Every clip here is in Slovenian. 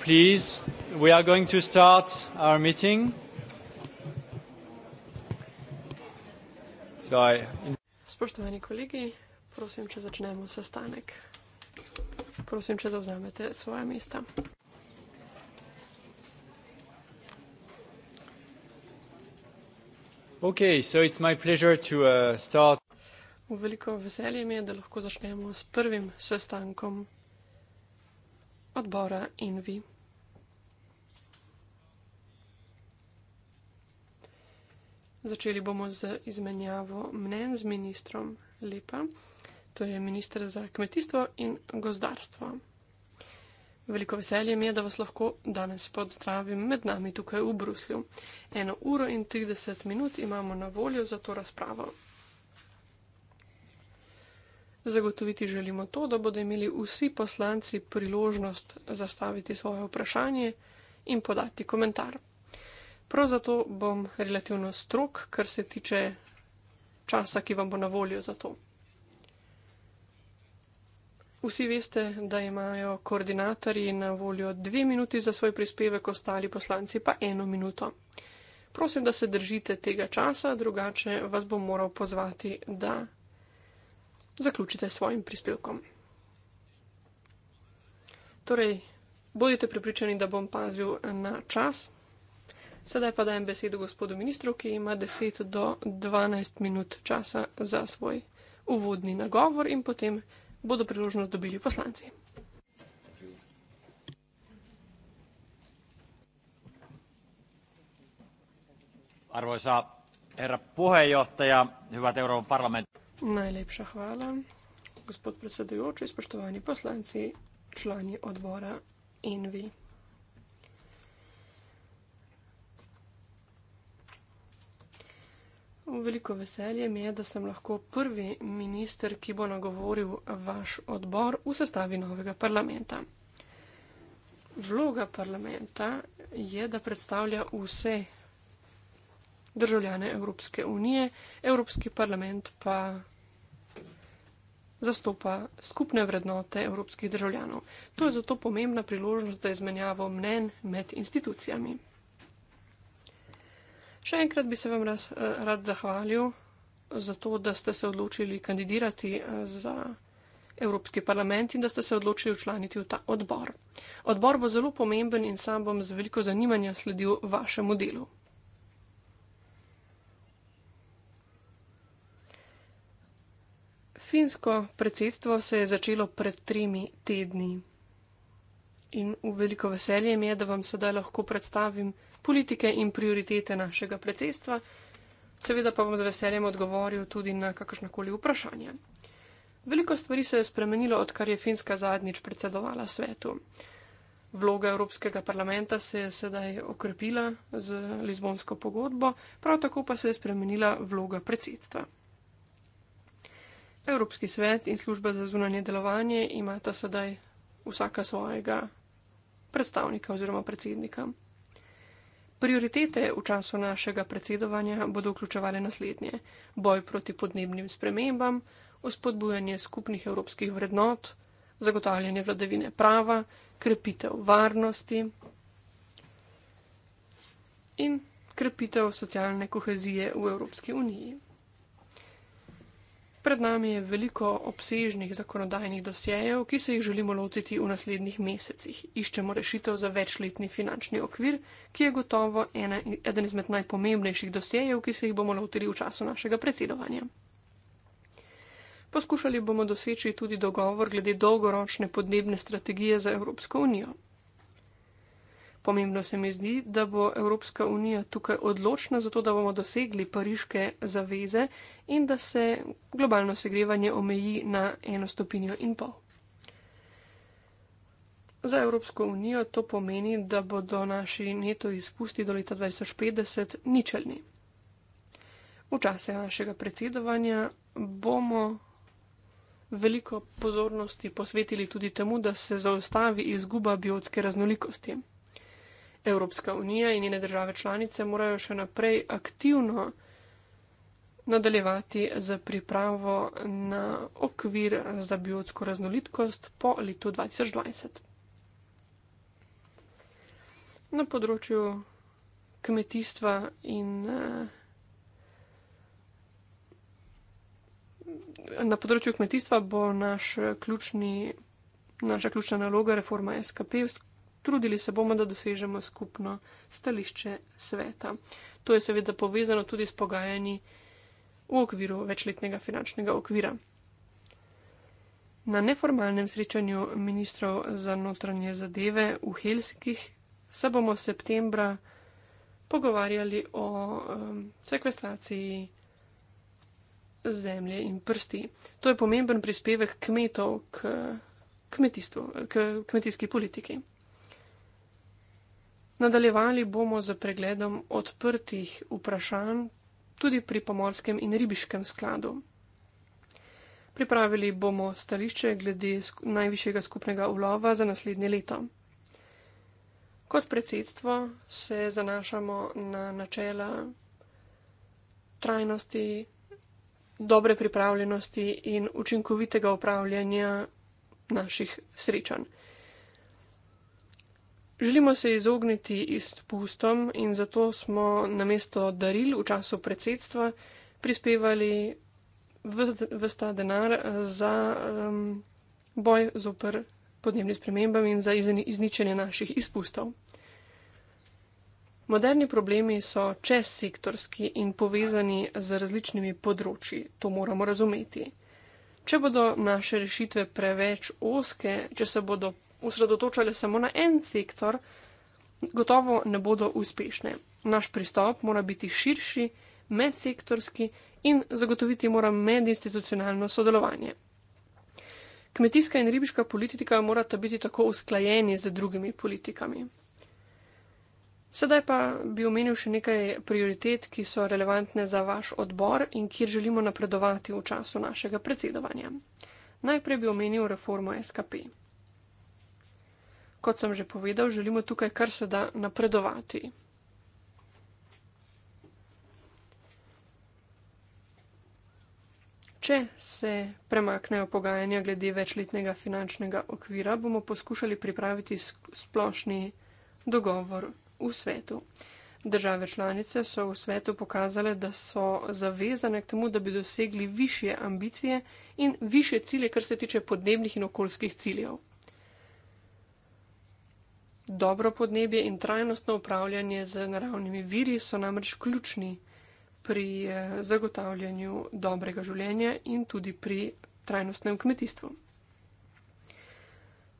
please. We are going to start our meeting. So I... Spoštovani kolegi, prosim, če začnemo sestanek. Prosim, če zavzamete svoje mesta. Okay, so it's my pleasure to uh, start. Veliko veselje mi je, da lahko začnemo s prvim sestankom odbora Envi. Začeli bomo z izmenjavo mnen z ministrom Lepa, to je ministr za kmetijstvo in gozdarstvo. Veliko veselje mi je, da vas lahko danes pozdravim med nami tukaj v Bruslju. Eno uro in 30 minut imamo na voljo za to razpravo. Zagotoviti želimo to, da bodo imeli vsi poslanci priložnost zastaviti svoje vprašanje in podati komentar. Prav zato bom relativno strok, kar se tiče časa, ki vam bo na voljo za to. Vsi veste, da imajo koordinatorji na voljo dve minuti za svoj prispevek, ostali poslanci pa eno minuto. Prosim, da se držite tega časa, drugače vas bom moral pozvati, da zaključite s svojim prispevkom. Torej, bodite pripričani, da bom pazil na čas. Sedaj pa dajem besedo gospodu ministru, ki ima 10 do 12 minut časa za svoj uvodni nagovor in potem bodo priložnost dobili poslanci. Arvoisa herra puheenjohtaja, hyvät Euroopan parlamentit. Najlepša hvala, gospod predsedujoči, spoštovani poslanci, člani odbora in vi. Veliko veselje mi je, da sem lahko prvi minister, ki bo nagovoril vaš odbor v sestavi novega parlamenta. Vloga parlamenta je, da predstavlja vse državljane Evropske unije, Evropski parlament pa zastopa skupne vrednote evropskih državljanov. To je zato pomembna priložnost za izmenjavo mnen med institucijami. Še enkrat bi se vam raz, eh, rad zahvalil za to, da ste se odločili kandidirati eh, za Evropski parlament in da ste se odločili včlaniti v ta odbor. Odbor bo zelo pomemben in sam bom z veliko zanimanja sledil vašemu delu. Finsko predsedstvo se je začelo pred tremi tedni. In v veliko veselje mi je, da vam sedaj lahko predstavim politike in prioritete našega predsedstva. Seveda pa bom z veseljem odgovoril tudi na kakršnakoli vprašanje. Veliko stvari se je spremenilo, odkar je Finska zadnjič predsedovala svetu. Vloga Evropskega parlamenta se je sedaj okrepila z Lizbonsko pogodbo, prav tako pa se je spremenila vloga predsedstva. Evropski svet in služba za zunanje delovanje imata sedaj vsaka svojega predstavnika oziroma predsednika. Prioritete v času našega predsedovanja bodo vključevale naslednje: boj proti podnebnim spremembam, vzpodbujanje skupnih evropskih vrednot, zagotavljanje vladavine prava, krepitev varnosti in krepitev socialne kohezije v Evropski uniji. Pred nami je veliko obsežnih zakonodajnih dosjejev, ki se jih želimo lotiti v naslednjih mesecih. Iščemo rešitev za večletni finančni okvir, ki je gotovo ena, eden izmed najpomembnejših dosjejev, ki se jih bomo lotili v času našega predsedovanja. Poskušali bomo doseči tudi dogovor glede dolgoročne podnebne strategije za Evropsko unijo. Pomembno se mi zdi, da bo Evropska unija tukaj odločna za to, da bomo dosegli pariške zaveze in da se globalno segrevanje omeji na eno stopinjo in pol. Za Evropsko unijo to pomeni, da bodo naši neto izpusti do leta 2050 ničelni. V čase našega predsedovanja bomo veliko pozornosti posvetili tudi temu, da se zaustavi izguba biotske raznolikosti. Evropska unija in njene države članice morajo še naprej aktivno nadaljevati z pripravo na okvir za biotsko raznolikost po letu 2020. Na področju kmetijstva in eh, na področju kmetijstva bo naš ključni, naša ključna naloga reforma SKP, trudili se bomo, da dosežemo skupno stališče sveta. To je seveda povezano tudi s pogajanji v okviru večletnega finančnega okvira. Na neformalnem srečanju ministrov za notranje zadeve v Helsikih se bomo v septembra pogovarjali o um, sekvestraciji zemlje in prsti. To je pomemben prispevek kmetov k kmetijstvu, k kmetijski politiki. Nadaljevali bomo z pregledom odprtih vprašanj tudi pri pomorskem in ribiškem skladu. Pripravili bomo stališče glede najvišjega skupnega ulova za naslednje leto. Kot predsedstvo se zanašamo na načela trajnosti, dobre pripravljenosti in učinkovitega upravljanja naših srečanj. Želimo se izogniti izpustom in zato smo na mesto daril v času predsedstva prispevali vsta denar eh, za um, boj zoper podnebni spremembami in za izničenje naših izpustov. Moderni problemi so čezsektorski in povezani z različnimi področji, to moramo razumeti. Če bodo naše rešitve preveč oske, če se bodo osredotočale samo na en sektor, gotovo ne bodo uspešne. Naš pristop mora biti širši, medsektorski in zagotoviti mora medinstitucionalno sodelovanje. Kmetijska in ribiška politika morata biti tako usklajeni z drugimi politikami. Sedaj pa bi omenil še nekaj prioritet, ki so relevantne za vaš odbor in kjer želimo napredovati v času našega predsedovanja. Najprej bi omenil reformo SKP. Kot sem že povedal, želimo tukaj kar se da napredovati. Če se premaknejo pogajanja glede večletnega finančnega okvira, bomo poskušali pripraviti splošni dogovor v svetu. Države članice so v svetu pokazale, da so zavezane k temu, da bi dosegli više ambicije in više cilje, kar se tiče podnebnih in okoljskih ciljev. Dobro podnebje in trajnostno upravljanje z naravnimi viri so namreč ključni pri eh, zagotavljanju dobrega življenja in tudi pri trajnostnem kmetijstvu.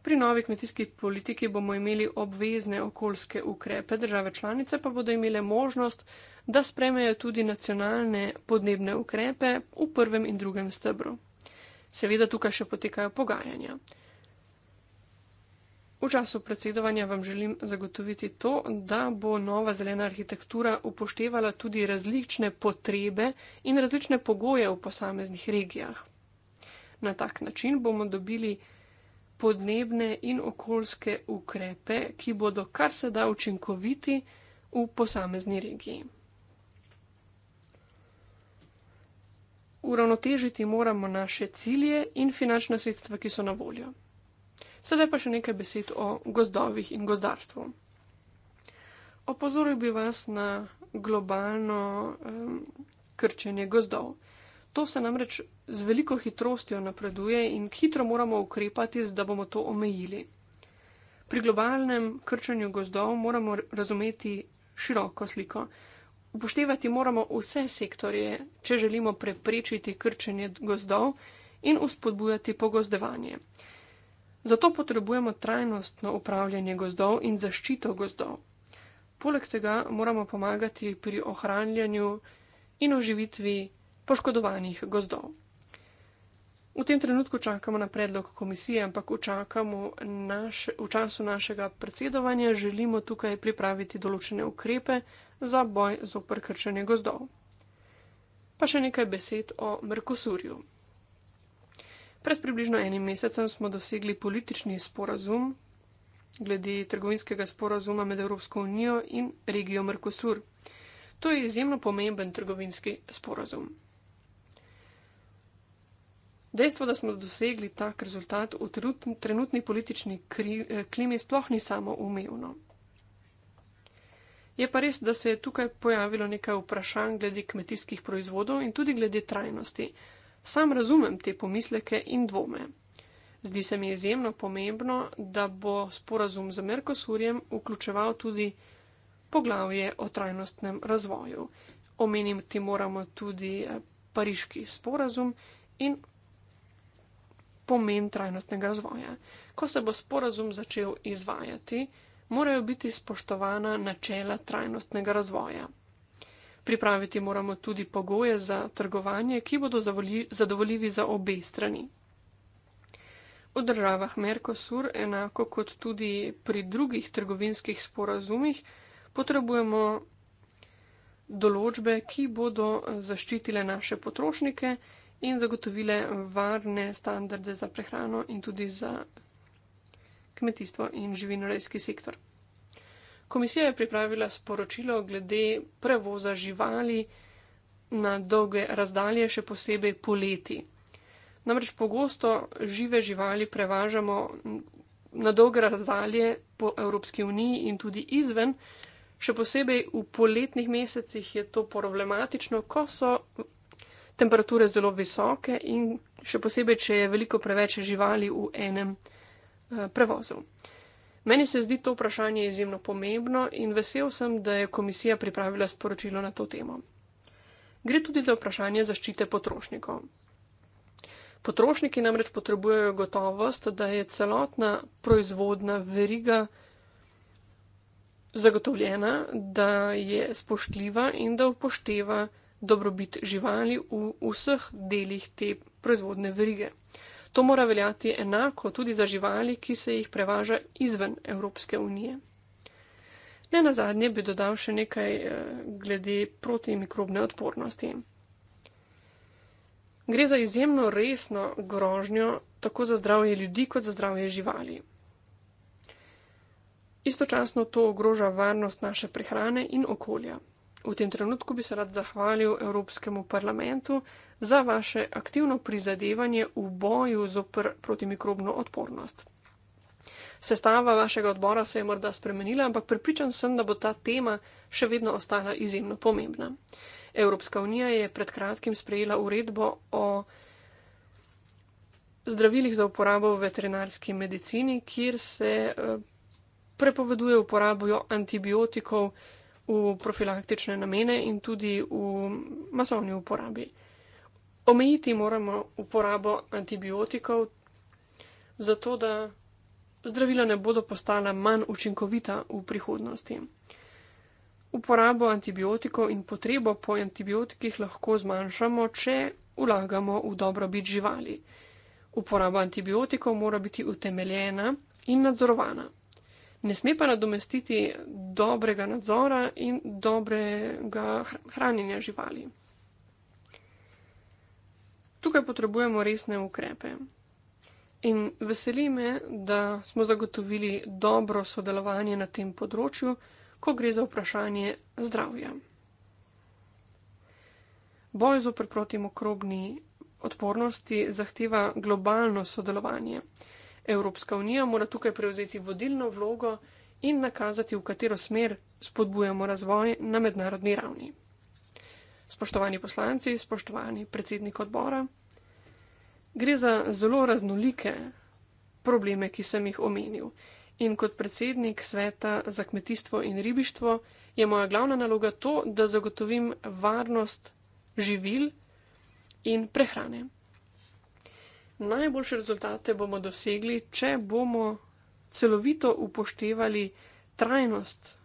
Pri novi kmetijski politiki bomo imeli obvezne okoljske ukrepe, države članice pa bodo imele možnost, da spremejo tudi nacionalne podnebne ukrepe v prvem in drugem stebru. Seveda tukaj še potekajo pogajanja. V času predsedovanja vam želim zagotoviti to, da bo nova zelena arhitektura upoštevala tudi različne potrebe in različne pogoje v posameznih regijah. Na tak način bomo dobili podnebne in okoljske ukrepe, ki bodo kar se da učinkoviti v posamezni regiji. Uravnotežiti moramo naše cilje in finančna sredstva, ki so na voljo. Sedaj pa še nekaj besed o gozdovih in gozdarstvu. Opozoril bi vas na globalno um, krčenje gozdov. To se namreč z veliko hitrostjo napreduje in hitro moramo ukrepati, da bomo to omejili. Pri globalnem krčenju gozdov moramo razumeti široko sliko. Upoštevati moramo vse sektorje, če želimo preprečiti krčenje gozdov in uspodbujati pogozdevanje. Zato potrebujemo trajnostno upravljanje gozdov in zaščito gozdov. Poleg tega moramo pomagati pri ohranjanju in oživitvi poškodovanih gozdov. V tem trenutku čakamo na predlog komisije, ampak v, naš, v času našega predsedovanja želimo tukaj pripraviti določene ukrepe za boj z oprkrčenje gozdov. Pa še nekaj besed o Merkosurju. Pred približno enim mesecem smo dosegli politični sporazum glede trgovinskega sporazuma med Evropsko unijo in regijo Mercosur. To je izjemno pomemben trgovinski sporazum. Dejstvo, da smo dosegli tak rezultat v trenutni politični kri, eh, klimi, sploh ni samo umevno. Je pa res, da se je tukaj pojavilo nekaj vprašanj glede kmetijskih proizvodov in tudi glede trajnosti. Sam razumem te pomisleke in dvome. Zdi se mi izjemno pomembno, da bo sporazum z Merkosurjem vključeval tudi poglavje o trajnostnem razvoju. Omenim ti moramo tudi eh, pariški sporazum in pomen trajnostnega razvoja. Ko se bo sporazum začel izvajati, morajo biti spoštovana načela trajnostnega razvoja. Pripraviti moramo tudi pogoje za trgovanje, ki bodo zadovoljivi za obe strani. V državah Merkosur, enako kot tudi pri drugih trgovinskih sporazumih, potrebujemo določbe, ki bodo zaščitile naše potrošnike in zagotovile varne standarde za prehrano in tudi za kmetijstvo in živinorejski sektor. Komisija je pripravila sporočilo glede prevoza živali na dolge razdalje, še posebej poleti. Namreč pogosto žive živali prevažamo na dolge razdalje po Evropski uniji in tudi izven, še posebej v poletnih mesecih je to problematično, ko so temperature zelo visoke in še posebej, če je veliko preveč živali v enem eh, prevozu. Meni se zdi to vprašanje izjemno pomembno in vesel sem, da je komisija pripravila sporočilo na to temo. Gre tudi za vprašanje zaščite potrošnikov. Potrošniki namreč potrebujejo gotovost, da je celotna proizvodna veriga zagotovljena, da je spoštljiva in da upošteva dobrobit živali v vseh delih te proizvodne verige. To mora veljati enako tudi za živali, ki se jih prevaža izven Evropske unije. Ne na zadnje bi dodal še nekaj eh, glede protimikrobne odpornosti. Gre za izjemno resno grožnjo tako za zdravje ljudi kot za zdravje živali. Istočasno to ogroža varnost naše prehrane in okolja. V tem trenutku bi se rad zahvalil Evropskemu parlamentu za vaše aktivno prizadevanje v boju zopr protimikrobno odpornost. Sestava vašega odbora se je morda spremenila, ampak prepričan sem, da bo ta tema še vedno ostala izjemno pomembna. Evropska unija je pred kratkim sprejela uredbo o zdravilih za uporabo v veterinarski medicini, kjer se eh, prepoveduje uporabo antibiotikov v profilaktične namene in tudi v masovni uporabi omejiti moramo uporabo antibiotikov, zato da zdravila ne bodo postala manj učinkovita v prihodnosti. Uporabo antibiotikov in potrebo po antibiotikih lahko zmanjšamo, če vlagamo v dobrobit živali. Uporaba antibiotikov mora biti utemeljena in nadzorovana. Ne sme pa nadomestiti dobrega nadzora in dobrega hranjenja živali. Tukaj potrebujemo resne ukrepe. In veseli me, da smo zagotovili dobro sodelovanje na tem področju, ko gre za vprašanje zdravja. Boj zopr proti mikrobni odpornosti zahteva globalno sodelovanje. Evropska unija mora tukaj prevzeti vodilno vlogo in nakazati, v katero smer spodbujamo razvoj na mednarodni ravni. Spoštovani poslanci, spoštovani predsednik odbora, gre za zelo raznolike probleme, ki sem jih omenil. In kot predsednik sveta za kmetijstvo in ribištvo je moja glavna naloga to, da zagotovim varnost živil in prehrane. Najboljše rezultate bomo dosegli, če bomo celovito upoštevali trajnost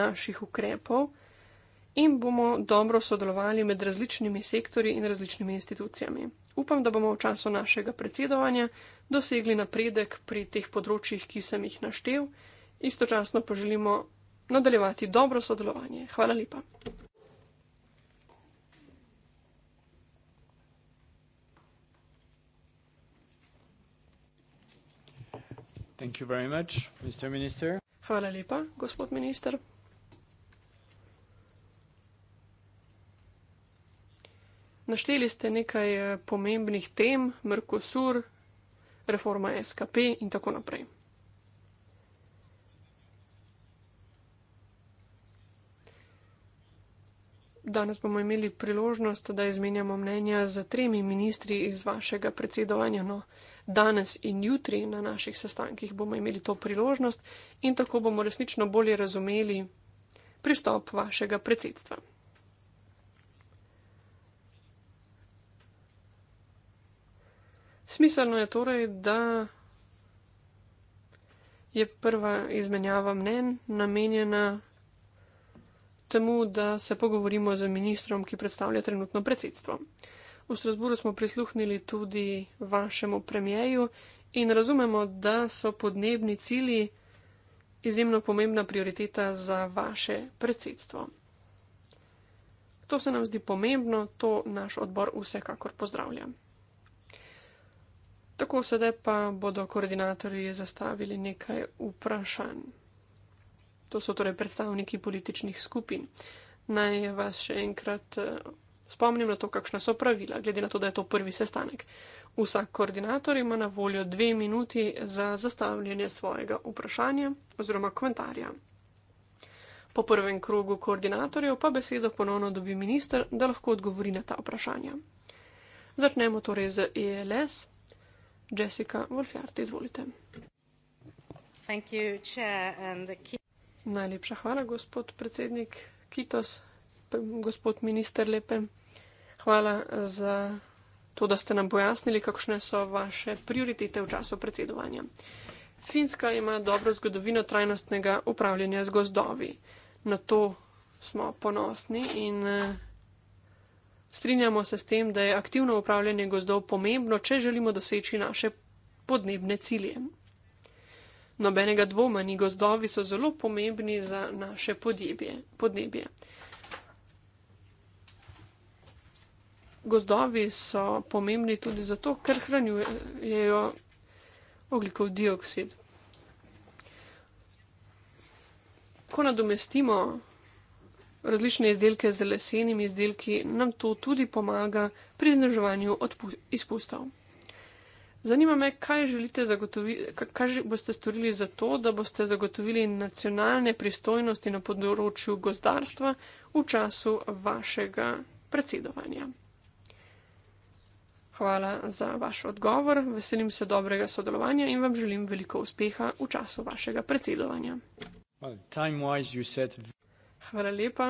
naših ukrepov in bomo dobro sodelovali med različnimi sektori in različnimi institucijami. Upam, da bomo v času našega predsedovanja dosegli napredek pri teh področjih, ki sem jih naštel. Istočasno pa želimo nadaljevati dobro sodelovanje. Hvala lepa. Hvala lepa, gospod minister. Našteli ste nekaj eh, pomembnih tem, Mercosur, reforma SKP in tako naprej. Danes bomo imeli priložnost, da izmenjamo mnenja z tremi ministri iz vašega predsedovanja. No, danes in jutri na naših sestankih bomo imeli to priložnost in tako bomo resnično bolje razumeli pristop vašega predsedstva. Smiselno je torej, da je prva izmenjava mnen namenjena temu, da se pogovorimo z ministrom, ki predstavlja trenutno predsedstvo. V Strasburu smo prisluhnili tudi vašemu premjeju in razumemo, da so podnebni cili izjemno pomembna prioriteta za vaše predsedstvo. To se nam zdi pomembno, to naš odbor vsekakor pozdravlja. Tako sedaj pa bodo koordinatorji zastavili nekaj vprašanj. To so torej predstavniki političnih skupin. Naj vas še enkrat eh, spomnim na to, kakšna so pravila, glede na to, da je to prvi sestanek. Vsak koordinator ima na voljo dve minuti za zastavljanje svojega vprašanja oziroma komentarja. Po prvem krogu koordinatorjev pa besedo ponovno dobi minister, da lahko odgovori na ta vprašanja. Začnemo torej z ELS. Jessica Wolfjart, izvolite. Thank you, chair and the Najlepša hvala, gospod predsednik Kitos, gospod minister Lepe. Hvala za to, da ste nam pojasnili, kakšne so vaše prioritete v času predsedovanja. Finska ima dobro zgodovino trajnostnega upravljanja z gozdovi. Na to smo ponosni in. Eh, Strinjamo se s tem, da je aktivno upravljanje gozdov pomembno, če želimo doseči naše podnebne cilje. Nobenega dvoma ni gozdovi so zelo pomembni za naše podjebje, podnebje. Gozdovi so pomembni tudi zato, ker hranjujejo oglikov dioksid. Ko nadomestimo različne izdelke z lesenimi izdelki, nam to tudi pomaga pri zniževanju izpustov. Zanima me, kaj, kaj boste storili za to, da boste zagotovili nacionalne pristojnosti na področju gozdarstva v času vašega predsedovanja. Hvala za vaš odgovor, veselim se dobrega sodelovanja in vam želim veliko uspeha v času vašega predsedovanja. Well, Hvala lepa.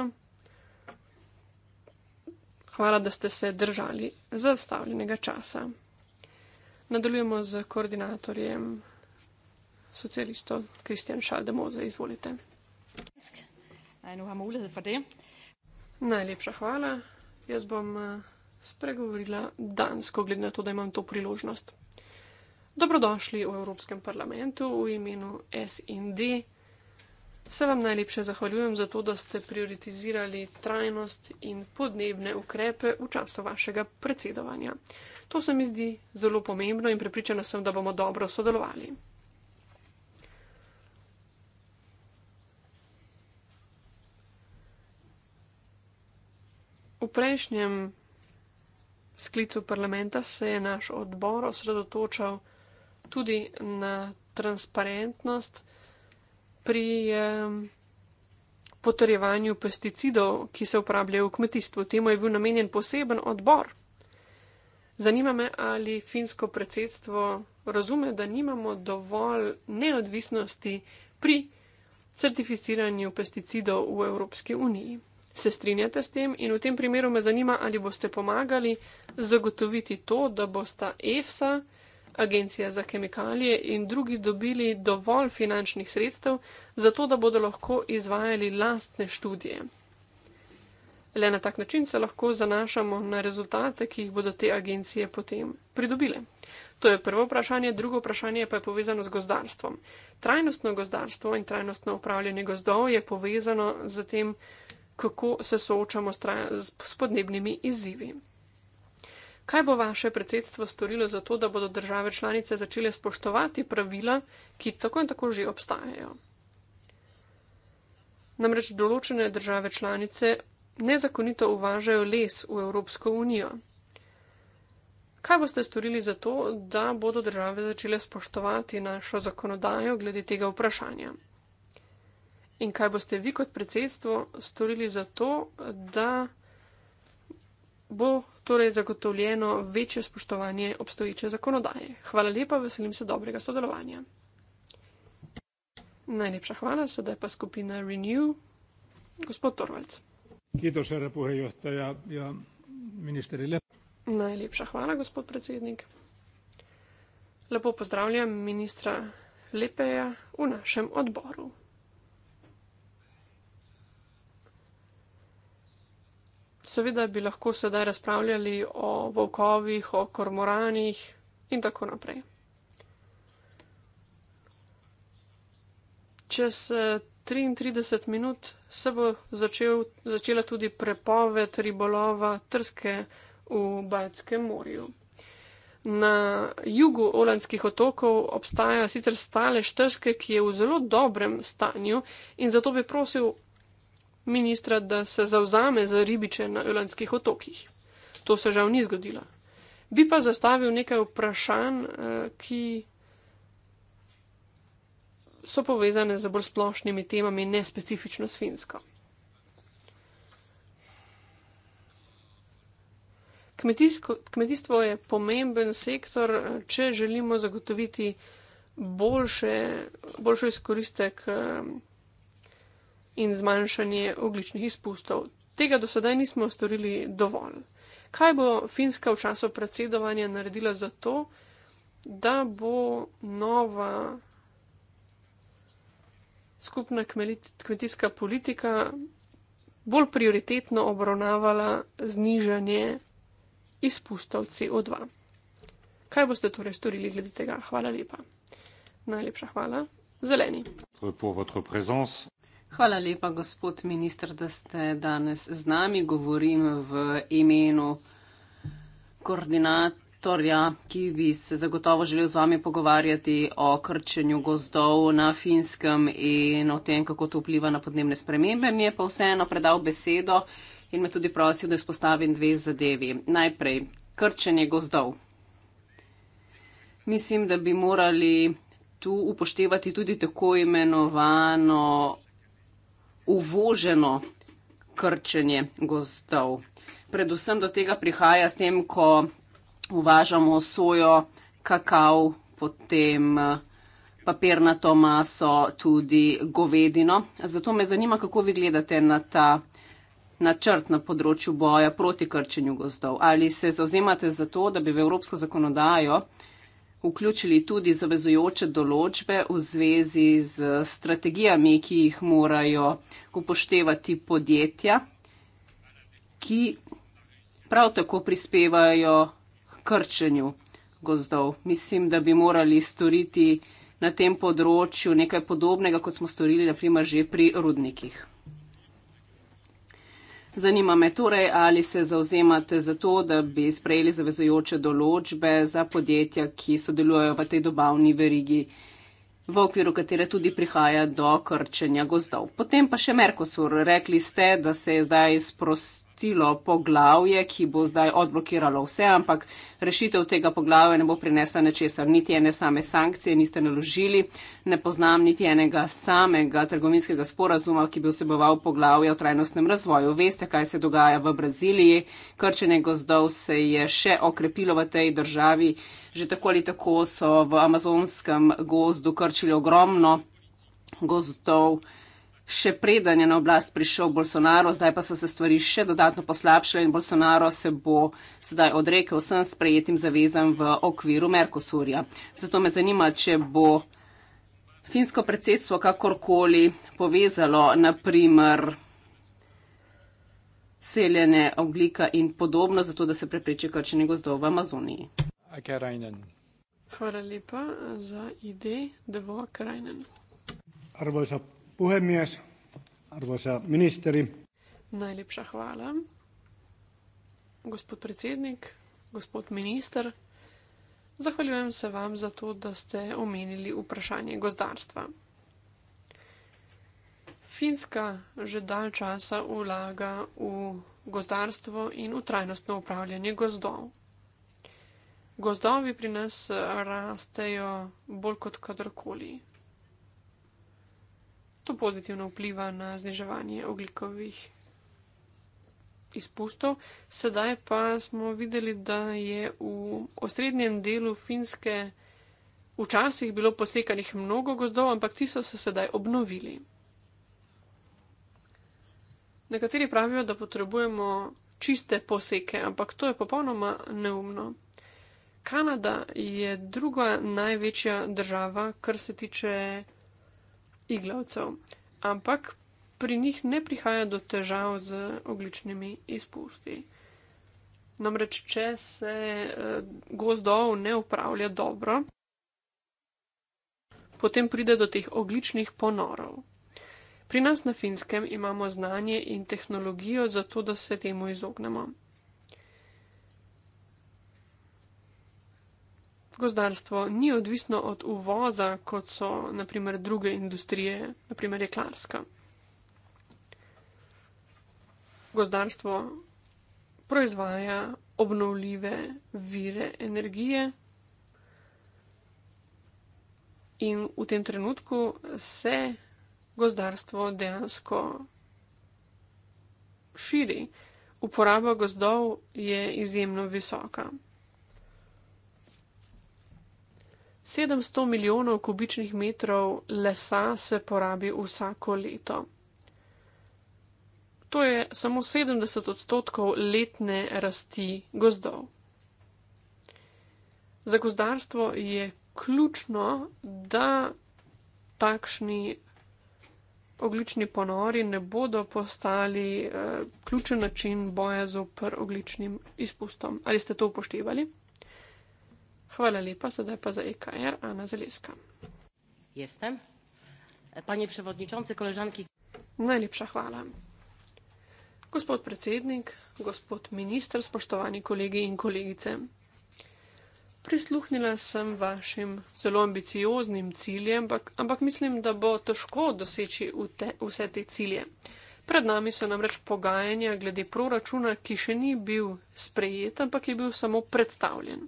Hvala, da ste se držali zastavljenega časa. Nadaljujemo z koordinatorjem socialistov Kristjan Šaldemoza. Izvolite. Eh, Najlepša hvala. Jaz bom eh, spregovorila dansko, glede na to, da imam to priložnost. Dobrodošli v Evropskem parlamentu v imenu SND. Se vam najlepše zahvaljujem za to, da ste prioritizirali trajnost in podnebne ukrepe v času vašega predsedovanja. To se mi zdi zelo pomembno in prepričana sem, da bomo dobro sodelovali. V prejšnjem sklicu parlamenta se je naš odbor osredotočal tudi na transparentnost pri um, potrjevanju pesticidov, ki se uporabljajo v kmetijstvu. Temu je bil namenjen poseben odbor. Zanima me, ali finsko predsedstvo razume, da nimamo dovolj neodvisnosti pri certificiranju pesticidov v Evropski uniji. Se strinjate s tem in v tem primeru me zanima, ali boste pomagali zagotoviti to, da bosta EFSA agencija za kemikalije in drugi dobili dovolj finančnih sredstev, zato da bodo lahko izvajali lastne študije. Le na tak način se lahko zanašamo na rezultate, ki jih bodo te agencije potem pridobile. To je prvo vprašanje, drugo vprašanje pa je povezano z gozdarstvom. Trajnostno gozdarstvo in trajnostno upravljanje gozdov je povezano z tem, kako se soočamo s podnebnimi izzivi. Kaj bo vaše predsedstvo storilo za to, da bodo države članice začele spoštovati pravila, ki tako in tako že obstajajo? Namreč določene države članice nezakonito uvažajo les v Evropsko unijo. Kaj boste storili za to, da bodo države začele spoštovati našo zakonodajo glede tega vprašanja? In kaj boste vi kot predsedstvo storili za to, da bo torej zagotovljeno večje spoštovanje obstoječe zakonodaje. Hvala lepa, veselim se dobrega sodelovanja. Najlepša hvala, sedaj pa skupina Renew. Gospod Torvalc. Kitos, repuhejo, to je ja, minister Ile. Najlepša hvala, gospod predsednik. Lepo pozdravljam ministra Lepeja v našem odboru. Seveda bi lahko sedaj razpravljali o volkovih, o kormoranih in tako naprej. Čez 33 eh, minut se bo začel, začela tudi prepoved ribolova trske v Bajdskem morju. Na jugu Olandskih otokov obstaja sicer stalež trske, ki je v zelo dobrem stanju in zato bi prosil ministra, da se zauzame za ribiče na Jolanskih otokih. To se žal ni zgodilo. Bi pa zastavil nekaj vprašanj, eh, ki so povezane z bolj splošnimi temami, ne specifično s finsko. Kmetijstvo je pomemben sektor, eh, če želimo zagotoviti boljše, boljšo izkoristek. Eh, in zmanjšanje ogličnih izpustov. Tega do sedaj nismo storili dovolj. Kaj bo Finska v času predsedovanja naredila za to, da bo nova skupna kmetijska politika bolj prioritetno obravnavala znižanje izpustov CO2? Kaj boste torej storili glede tega? Hvala lepa. Najlepša hvala. Zeleni. Hvala lepa, gospod minister, da ste danes z nami. Govorim v imenu koordinatorja, ki bi se zagotovo želel z vami pogovarjati o krčenju gozdov na finskem in o tem, kako to vpliva na podnebne spremembe. Mi je pa vseeno predal besedo in me tudi prosil, da izpostavim dve zadevi. Najprej, krčenje gozdov. Mislim, da bi morali tu upoštevati tudi tako imenovano uvoženo krčenje gozdov. Predvsem do tega prihaja s tem, ko uvažamo sojo, kakav, potem eh, papirnato maso, tudi govedino. Zato me zanima, kako vi gledate na ta načrt na področju boja proti krčenju gozdov. Ali se zauzemate za to, da bi v evropsko zakonodajo vključili tudi zavezujoče določbe v zvezi z strategijami, ki jih morajo upoštevati podjetja, ki prav tako prispevajo k krčenju gozdov. Mislim, da bi morali storiti na tem področju nekaj podobnega, kot smo storili naprimer že pri rudnikih. Zanima me torej, ali se zauzemate za to, da bi sprejeli zavezojoče določbe za podjetja, ki sodelujejo v tej dobavni verigi, v okviru katere tudi prihaja do krčenja gozdov. Potem pa še Merkosur. Rekli ste, da se je zdaj sprost odprtilo poglavje, ki bo zdaj odblokiralo vse, ampak rešitev tega poglavja ne bo prinesla nečesar. Niti ene same sankcije niste naložili, ne poznam niti enega samega trgovinskega sporazuma, ki bi vseboval poglavje o trajnostnem razvoju. Veste, kaj se dogaja v Braziliji, krčenje gozdov se je še okrepilo v tej državi, že tako ali tako so v amazonskem gozdu krčili ogromno gozdov še preden je na oblast prišel Bolsonaro, zdaj pa so se stvari še dodatno poslabšale in Bolsonaro se bo sedaj odrekel vsem sprejetim zavezam v okviru Merkosurja. Zato me zanima, če bo finsko predsedstvo kakorkoli povezalo, naprimer, seljene oglika in podobno, zato da se prepreče krčenje gozdov v Amazoniji. Hvala lepa za idej, Devo Krajnen. Arvoisa puhemies, arvoisa ministeri. Najlepša hvala. Gospod predsednik, gospod minister, zahvaljujem se vam za to, da ste omenili vprašanje gozdarstva. Finska že dalj časa vlaga v gozdarstvo in v trajnostno upravljanje gozdov. Gozdovi pri nas rastejo bolj kot kadarkoli to pozitivno vpliva na zniževanje oglikovih izpustov. Sedaj pa smo videli, da je v osrednjem delu Finske včasih bilo posekanih mnogo gozdov, ampak ti so se sedaj obnovili. Nekateri pravijo, da potrebujemo čiste poseke, ampak to je popolnoma neumno. Kanada je druga največja država, kar se tiče iglavcev, ampak pri njih ne prihaja do težav z ogličnimi izpusti. Namreč, če se eh, gozdov ne upravlja dobro, potem pride do teh ogličnih ponorov. Pri nas na finskem imamo znanje in tehnologijo za to, da se temu izognemo. gozdarstvo ni odvisno od uvoza, kot so naprimer druge industrije, naprimer jeklarska. Gozdarstvo proizvaja obnovljive vire energije in v tem trenutku se gozdarstvo dejansko širi. Uporaba gozdov je izjemno visoka. 700 milijonov kubičnih metrov lesa se porabi vsako leto. To je samo 70 odstotkov letne rasti gozdov. Za gozdarstvo je ključno, da takšni oglični ponori ne bodo postali eh, ključen način boja z opr ogličnim izpustom. Ali ste to upoštevali? Hvala lepa, sedaj pa za EKR Ana Zeleska. Jestem. Panie przewodniczący, koleżanki. Najlepša hvala. Gospod predsednik, gospod minister, spoštovani kolegi in kolegice. Prisluhnila sem vašim zelo ambicioznim ciljem, ampak, ampak mislim, da bo težko doseči te, vse te cilje. Pred nami so namreč pogajanja glede proračuna, ki še ni bil sprejet, ampak je bil samo predstavljen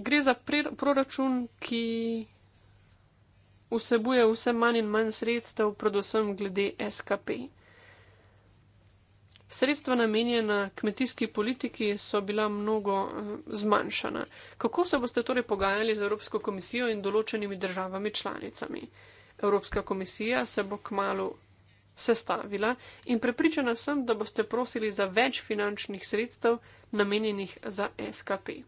gre za proračun, ki vsebuje vse manj in manj sredstev, predvsem glede SKP. Sredstva namenjena kmetijski politiki so bila mnogo eh, zmanjšana. Kako se boste torej pogajali z Evropsko komisijo in določenimi državami članicami? Evropska komisija se bo k malu sestavila in prepričana sem, da boste prosili za več finančnih sredstev namenjenih za SKP.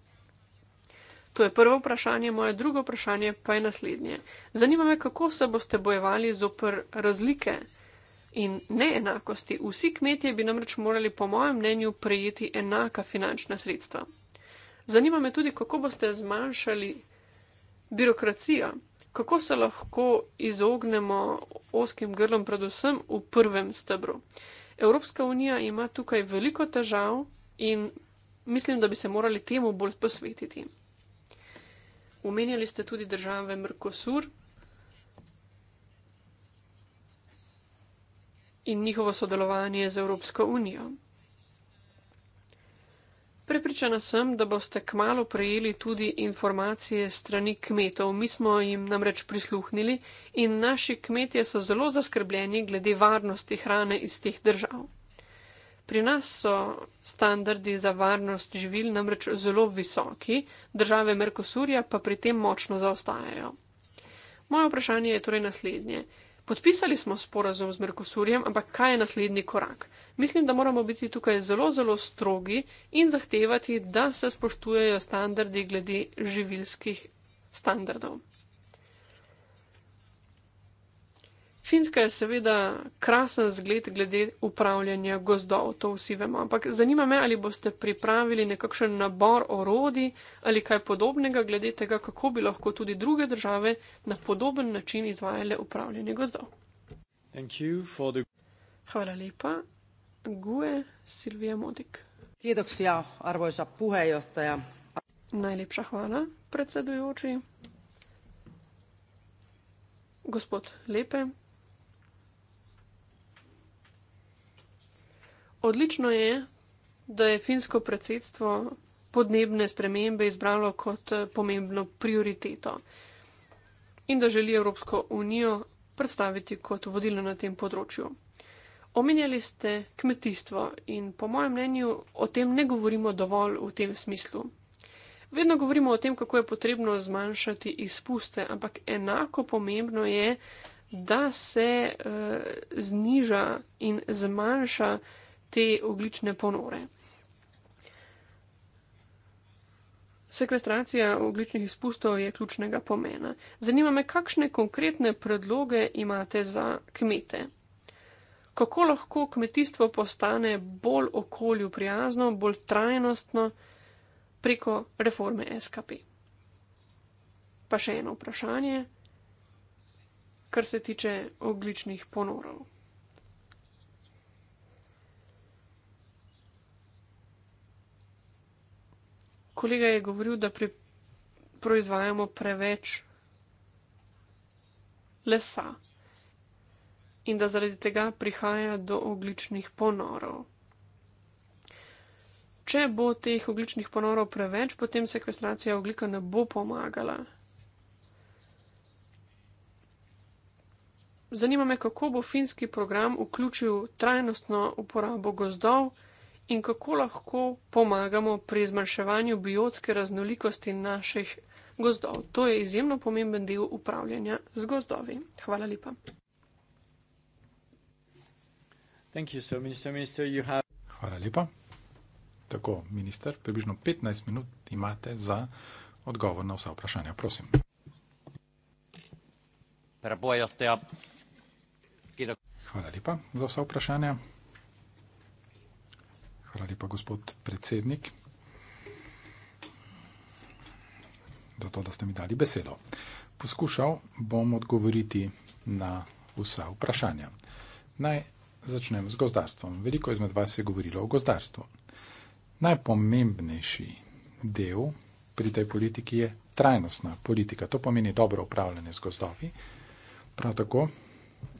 To je prvo vprašanje. Moje drugo vprašanje pa je naslednje. Zanima me, kako se boste bojevali zoper razlike in neenakosti. Vsi kmetje bi namreč morali, po mojem mnenju, prejeti enaka finančna sredstva. Zanima me tudi, kako boste zmanjšali birokracijo, kako se lahko izognemo oskim grlom, predvsem v prvem stebru. Evropska unija ima tukaj veliko težav in mislim, da bi se morali temu bolj posvetiti. Omenjali ste tudi države Mercosur in njihovo sodelovanje z Evropsko unijo. Prepričana sem, da boste kmalo prejeli tudi informacije strani kmetov. Mi smo jim namreč prisluhnili in naši kmetje so zelo zaskrbljeni glede varnosti hrane iz teh držav pri nas so standardi za varnost živil namreč zelo visoki, države Merkosurja pa pri tem močno zaostajajo. Moje vprašanje je torej naslednje. Podpisali smo sporazum z Merkosurjem, ampak kaj je naslednji korak? Mislim, da moramo biti tukaj zelo, zelo strogi in zahtevati, da se spoštujejo standardi glede živilskih standardov. Finska je seveda krasen zgled glede upravljanja gozdov, to vsi vemo, ampak zanima me, ali boste pripravili nekakšen nabor orodi ali kaj podobnega glede tega, kako bi lahko tudi druge države na podoben način izvajale upravljanje gozdov. The... Hvala lepa. Gue Silvija Modik. Kedoksija, arvoža puhejoteja. Najlepša hvala, predsedujoči. Gospod Lepe, Odlično je, da je finsko predsedstvo podnebne spremembe izbralo kot eh, pomembno prioriteto in da želi Evropsko unijo predstaviti kot vodilno na tem področju. Omenjali ste kmetijstvo in po mojem mnenju o tem ne govorimo dovolj v tem smislu. Vedno govorimo o tem, kako je potrebno zmanjšati izpuste, ampak enako pomembno je, da se uh, zniža in zmanjša uh, te oglične ponore. Sekvestracija ogličnih izpustov je ključnega pomena. Zanima me, kakšne konkretne predloge imate za kmete? Kako lahko kmetijstvo postane bolj okolju prijazno, bolj trajnostno preko reforme SKP? Pa še eno vprašanje, kar se tiče ogličnih ponorov. Kolega je govoril, da pri, proizvajamo preveč lesa in da zaradi tega prihaja do ogličnih ponorov. Če bo teh ogličnih ponorov preveč, potem sekvestracija oglika ne bo pomagala. Zanima me, kako bo finski program vključil trajnostno uporabo gozdov in kako lahko pomagamo pri zmanjševanju biotske raznolikosti naših gozdov. To je izjemno pomemben del upravljanja z gozdovi. Hvala lepa. Hvala lepa. Tako, minister, približno 15 minut imate za odgovor na vsa vprašanja. Prosim. Hvala lepa za vsa vprašanja. Hvala lepa, gospod predsednik, za to, da ste mi dali besedo. Poskušal bom odgovoriti na vsa vprašanja. Naj začnem z gozdarstvom. Veliko izmed vas je govorilo o gozdarstvu. Najpomembnejši del pri tej politiki je trajnostna politika. To pomeni dobro upravljanje z gozdovi. Prav tako,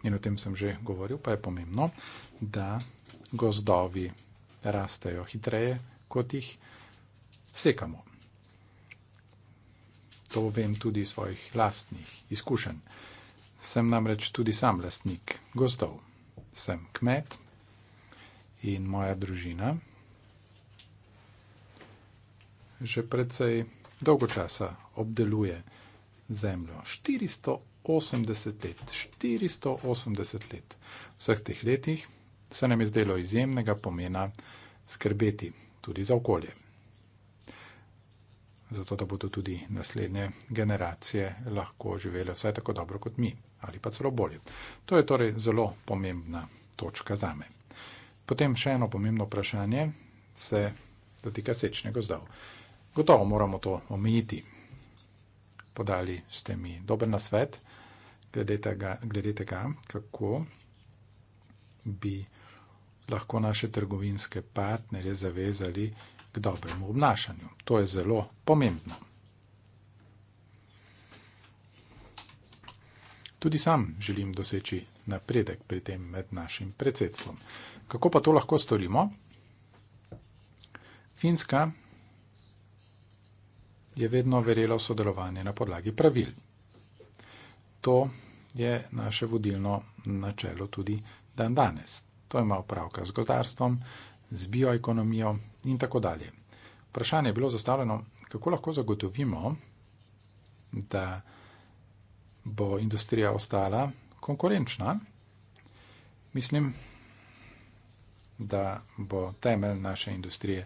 in o tem sem že govoril, pa je pomembno, da gozdovi rastejo hitreje, kot jih sekamo. To vem tudi iz svojih lastnih izkušenj. Sem namreč tudi sam lastnik gostov. Sem kmet in moja družina. Že predvsej dolgo časa obdeluje zemljo. 480 let, 480 let. Vseh teh letih se nam je zdelo izjemnega pomena skrbeti tudi za okolje. Zato, da bodo tudi naslednje generacije lahko živele vsaj tako dobro kot mi ali pa celo bolje. To je torej zelo pomembna točka za me. Potem še eno pomembno vprašanje se dotika sečne gozdov. Gotovo moramo to omejiti. Podali ste mi dober nasvet glede tega, kako bi lahko naše trgovinske partnerje zavezali k dobremu obnašanju. To je zelo pomembno. Tudi sam želim doseči napredek pri tem med našim predsedstvom. Kako pa to lahko storimo? Finska je vedno verjela v sodelovanje na podlagi pravil. To je naše vodilno načelo tudi dan danes. To ima opravka z gozdarstvom, z bioekonomijo in tako dalje. Vprašanje je bilo zastavljeno, kako lahko zagotovimo, da bo industrija ostala konkurenčna. Mislim, da bo temelj naše industrije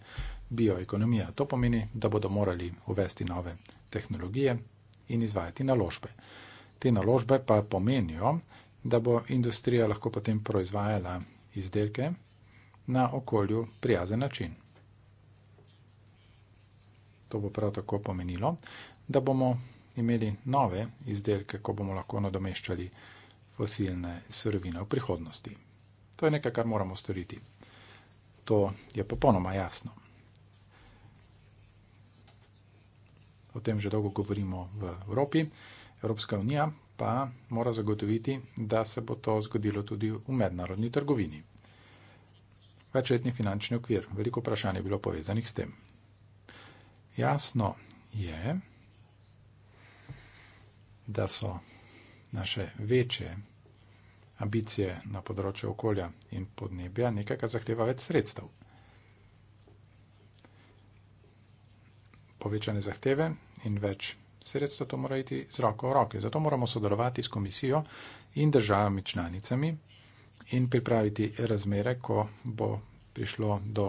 bioekonomija. To pomeni, da bodo morali uvesti nove tehnologije in izvajati naložbe. Te naložbe pa pomenijo, da bo industrija lahko potem proizvajala izdelke na okolju prijazen način. To bo prav tako pomenilo, da bomo imeli nove izdelke, ko bomo lahko nadomeščali fosilne surovine v prihodnosti. To je nekaj, kar moramo storiti. To je popolnoma jasno. O tem že dolgo govorimo v Evropi. Evropska unija pa mora zagotoviti, da se bo to zgodilo tudi v mednarodni trgovini. Večletni finančni okvir, veliko vprašanje je bilo povezanih s tem. Jasno je, da so naše večje ambicije na področju okolja in podnebja nekaj, kar zahteva več sredstev. Povečane zahteve in več sredstev sredstva, to mora iti z roko v roke. Zato moramo sodelovati s komisijo in državami članicami in pripraviti razmere, ko bo prišlo do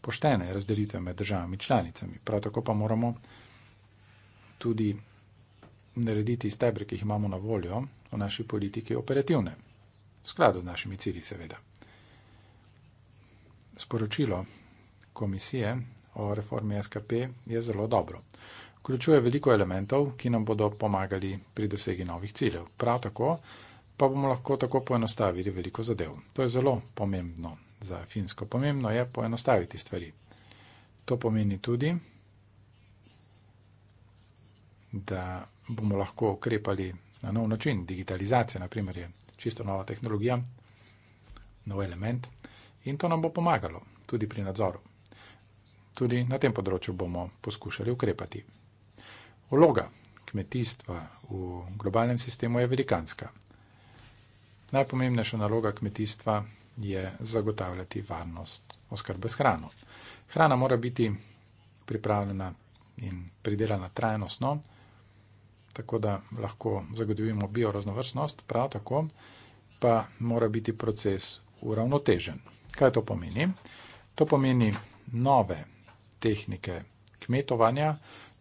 poštene razdelitve med državami članicami. Prav tako pa moramo tudi narediti stebre, ki jih imamo na voljo v naši politiki operativne, v skladu z našimi cilji seveda. Sporočilo komisije o reformi SKP je zelo dobro vključuje veliko elementov, ki nam bodo pomagali pri dosegi novih ciljev. Prav tako pa bomo lahko tako poenostavili veliko zadev. To je zelo pomembno za Finsko. Pomembno je poenostaviti stvari. To pomeni tudi, da bomo lahko ukrepali na nov način. Digitalizacija, na primer, je čisto nova tehnologija, nov element in to nam bo pomagalo tudi pri nadzoru. Tudi na tem področju bomo poskušali ukrepati. Vloga kmetijstva v globalnem sistemu je velikanska. Najpomembnejša naloga kmetijstva je zagotavljati varnost oskrbe s hrano. Hrana mora biti pripravljena in pridelana trajnostno, tako da lahko zagotovimo bioraznovrstnost, prav tako pa mora biti proces uravnotežen. Kaj to pomeni? To pomeni nove tehnike kmetovanja,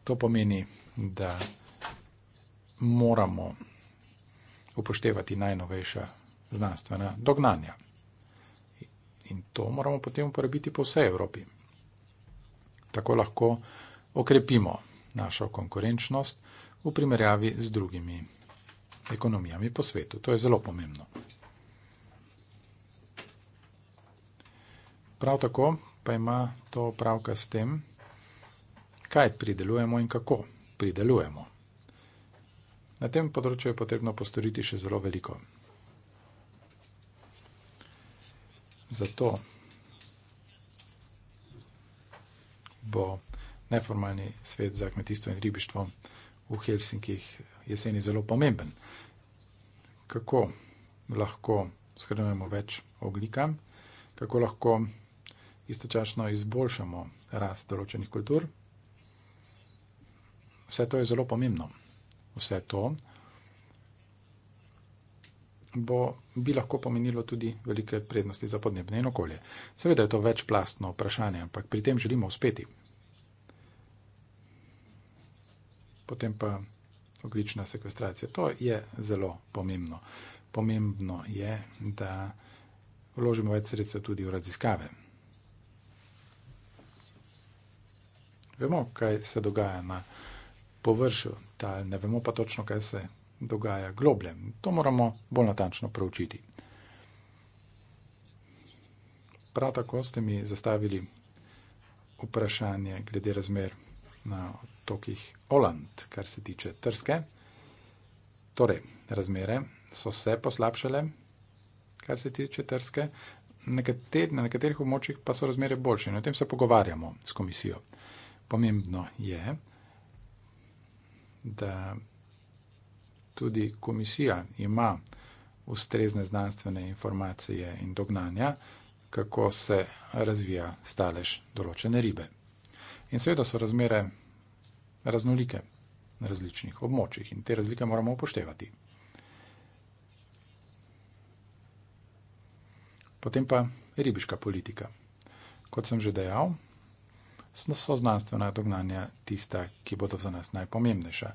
to pomeni da moramo upoštevati najnovejša znanstvena dognanja. In to moramo potem uporabiti po vsej Evropi. Tako lahko okrepimo našo konkurenčnost v primerjavi z drugimi ekonomijami po svetu. To je zelo pomembno. Prav tako pa ima to opravka s tem, kaj pridelujemo in kako pridelujemo. Na tem področju je potrebno postoriti še zelo veliko. Zato bo neformalni svet za kmetijstvo in ribištvo v Helsinkih jeseni zelo pomemben. Kako lahko skrbimo več oglika, kako lahko istočasno izboljšamo rast določenih kultur. Vse to je zelo pomembno. Vse to bo, bi lahko pomenilo tudi velike prednosti za podnebne in okolje. Seveda je to večplastno vprašanje, ampak pri tem želimo uspeti. Potem pa oglična sekvestracija. To je zelo pomembno. Pomembno je, da vložimo več sredstev tudi v raziskave. Vemo, kaj se dogaja na površju tal, ne vemo pa točno, kaj se dogaja globlje. To moramo bolj natančno preučiti. Prav tako ste mi zastavili vprašanje glede razmer na otokih Oland, kar se tiče Trske. Torej, razmere so se poslabšale, kar se tiče Trske, Nekater, na nekaterih območjih pa so razmere boljše in o tem se pogovarjamo s komisijo. Pomembno je, da da tudi komisija ima ustrezne znanstvene informacije in dognanja, kako se razvija stalež določene ribe. In seveda so razmere raznolike na različnih območjih in te razlike moramo upoštevati. Potem pa ribiška politika. Kot sem že dejal, so znanstvena dognanja tista, ki bodo za nas najpomembnejša.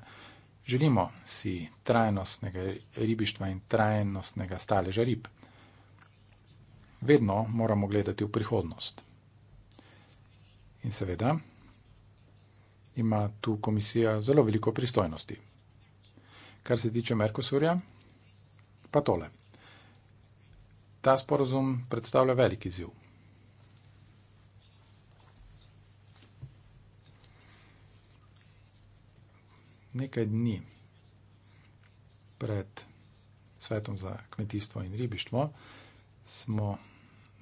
Želimo si trajnostnega ribištva in trajnostnega staleža rib. Vedno moramo gledati v prihodnost. In seveda ima tu komisija zelo veliko pristojnosti. Kar se tiče Merkosurja, pa tole. Ta sporozum predstavlja veliki ziv. nekaj dni pred svetom za kmetijstvo in ribištvo smo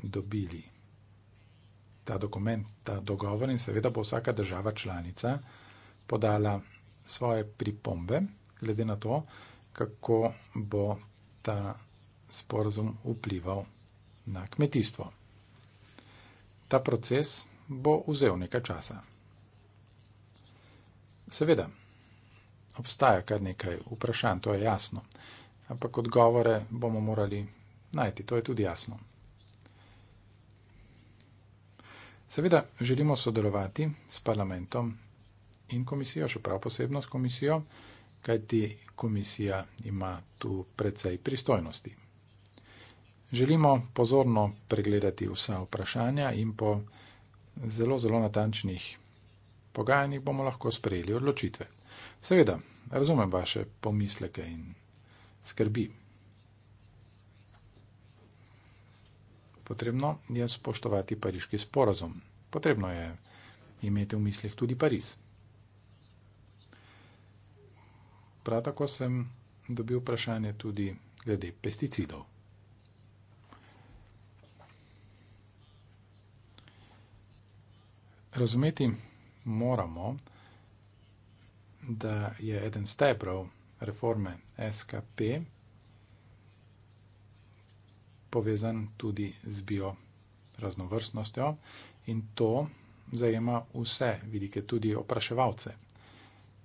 dobili ta dokument, ta dogovor in seveda bo vsaka država članica podala svoje pripombe glede na to, kako bo ta sporozum vplival na kmetijstvo. Ta proces bo vzel nekaj časa. Seveda, obstaja kar nekaj vprašanj, to je jasno. Ampak odgovore bomo morali najti, to je tudi jasno. Seveda želimo sodelovati s parlamentom in komisijo, še prav posebno s komisijo, kajti komisija ima tu precej pristojnosti. Želimo pozorno pregledati vsa vprašanja in po zelo, zelo natančnih pogajanjih bomo lahko sprejeli odločitve. Seveda, razumem vaše pomisleke in skrbi. Potrebno je spoštovati pariški sporazum. Potrebno je imeti v mislih tudi Pariz. Prav tako sem dobil vprašanje tudi glede pesticidov. Razumeti moramo, da je eden stebrov reforme SKP povezan tudi z bioraznovrstnostjo in to zajema vse vidike, tudi opraševalce.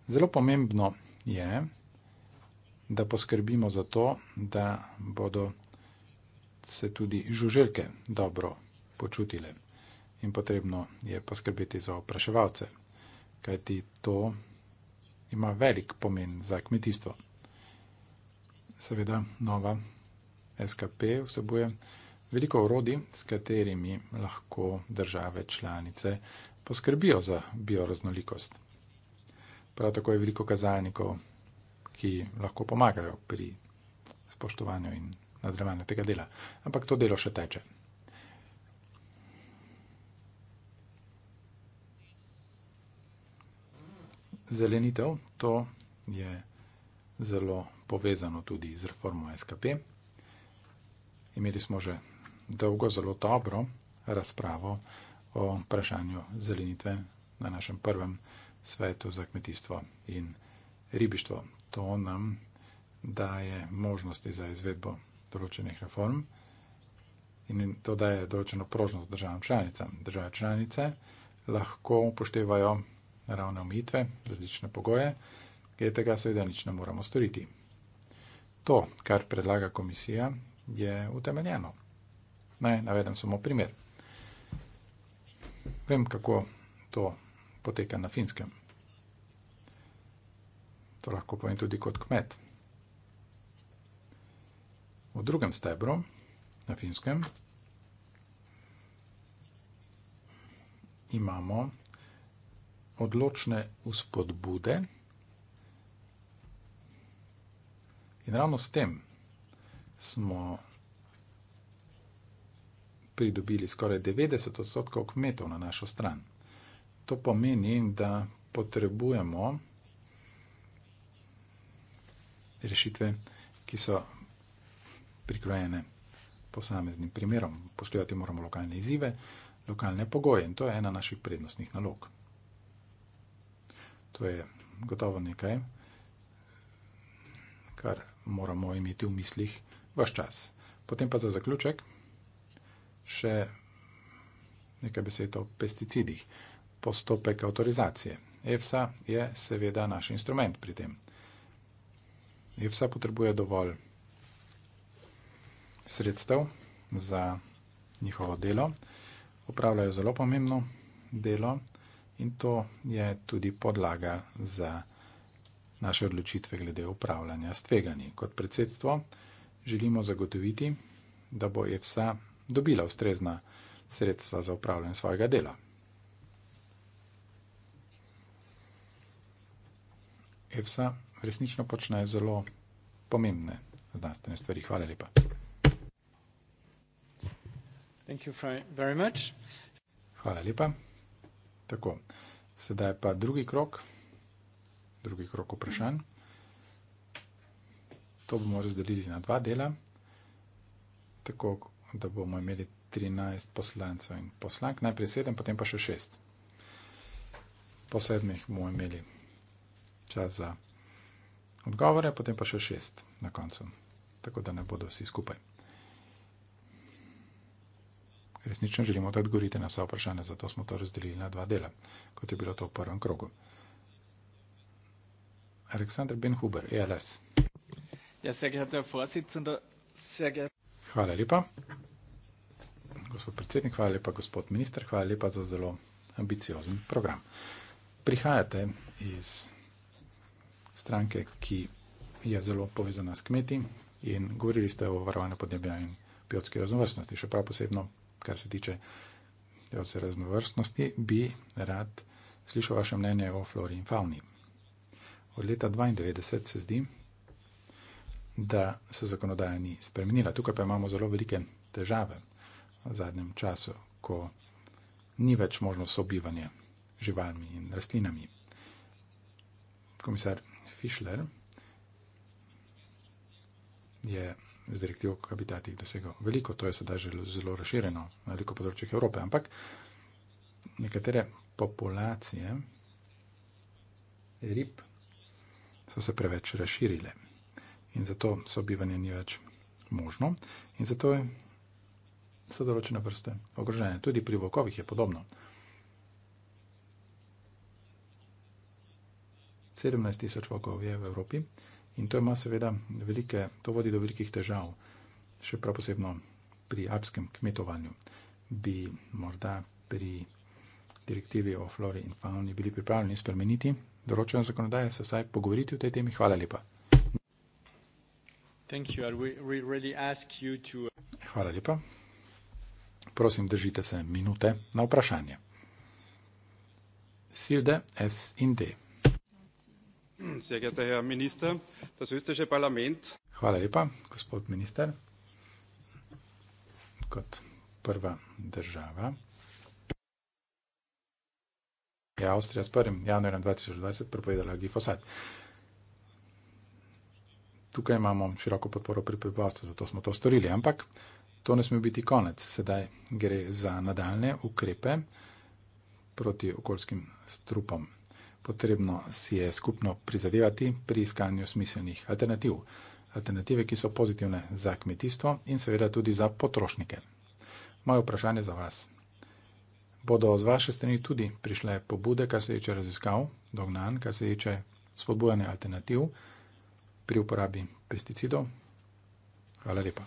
Zelo pomembno je, da poskrbimo za to, da bodo se tudi žuželke dobro počutile in potrebno je poskrbeti za opraševalce, kajti to ima velik pomen za kmetijstvo. Seveda, nova SKP vsebuje veliko orodij, s katerimi lahko države članice poskrbijo za bioraznolikost. Prav tako je veliko kazalnikov, ki lahko pomagajo pri spoštovanju in nadaljevanju tega dela, ampak to delo še teče. zelenitev, to je zelo povezano tudi z reformo SKP. Imeli smo že dolgo, zelo dobro razpravo o vprašanju zelenitve na našem prvem svetu za kmetijstvo in ribištvo. To nam daje možnosti za izvedbo določenih reform in to daje določeno prožnost državam članicam. Države članice lahko upoštevajo naravne omitve, različne pogoje, glede tega seveda nič ne moramo storiti. To, kar predlaga komisija, je utemeljeno. Naj navedem samo primer. Vem, kako to poteka na finskem. To lahko povem tudi kot kmet. V drugem stebru, na finskem, imamo odločne vzpodbude. In ravno s tem smo pridobili skoraj 90 odstotkov kmetov na našo stran. To pomeni, da potrebujemo rešitve, ki so prikrojene posameznim primerom. Poštevati moramo lokalne izzive, lokalne pogoje in to je ena naših prednostnih nalog. To je gotovo nekaj, kar moramo imeti v mislih vse čas. Potem pa za zaključek še nekaj besed o pesticidih. Postopek avtorizacije. EFSA je seveda naš instrument pri tem. EFSA potrebuje dovolj sredstev za njihovo delo. Opravljajo zelo pomembno delo in to je tudi podlaga za naše odločitve glede upravljanja s tveganji. Kot predsedstvo želimo zagotoviti, da bo EFSA dobila ustrezna sredstva za upravljanje svojega dela. EFSA resnično počne zelo pomembne znanstvene stvari. Hvala lepa. Thank you very much. Hvala lepa. Tako, sedaj pa drugi krok, drugi krok vprašanj. To bomo razdelili na dva dela, tako da bomo imeli 13 poslancev in poslank, najprej 7, potem pa še 6. Po sedmih bomo imeli čas za odgovore, potem pa še 6 na koncu, tako da ne bodo vsi skupaj resnično želimo, da odgovorite na vse vprašanje, zato smo to razdelili na dva dela, kot je bilo to v prvem krogu. Aleksandr Ben Huber, ELS. Ja, hvala lepa, gospod predsednik, hvala lepa, gospod minister, hvala lepa za zelo ambiciozen program. Prihajate iz stranke, ki je zelo povezana s kmeti in govorili ste o varovanju podnebja in biotski raznovrstnosti, še prav posebno kar se tiče ja, se raznovrstnosti, bi rad slišal vaše mnenje o flori in fauni. Od leta 92 se zdi, da se zakonodaja ni spremenila. Tukaj pa imamo zelo velike težave v zadnjem času, ko ni več možno sobivanje živalmi in rastlinami. Komisar Fischler je z direktivo, ki bi ta tih dosegel. Veliko, to je sedaj že zelo razširjeno na veliko področjih Evrope, ampak nekatere populacije rib so se preveč razširile in zato sobivanje ni več možno in zato je so določene vrste ogrožene. Tudi pri vokovih je podobno. 17 tisoč vokov je v Evropi, In to ima seveda velike, to vodi do velikih težav, še prav posebno pri alpskem kmetovanju. Bi morda pri direktivi o flori in fauni bili pripravljeni spremeniti določene zakonodaje, se vsaj pogovoriti o tej temi. Hvala lepa. Hvala lepa. Prosim, držite se minute na vprašanje. Silde S in D. Sehr geehrter Herr Minister, das österreichische Parlament. Hvala lepa, gospod minister. Kot prva država. Je ja, Avstrija s 1. januarjem 2020 prepovedala glifosat. Tukaj imamo široko podporo pri prebivalstvu, zato smo to storili, ampak to ne sme biti konec. Sedaj gre za nadaljne ukrepe proti okoljskim strupom potrebno si je skupno prizadevati pri iskanju smiselnih alternativ. Alternative, ki so pozitivne za kmetijstvo in seveda tudi za potrošnike. Moje vprašanje za vas. Bodo z vaše strani tudi prišle pobude, kar se tiče raziskav, dognan, kar se tiče spodbujanja alternativ pri uporabi pesticidov? Hvala lepa.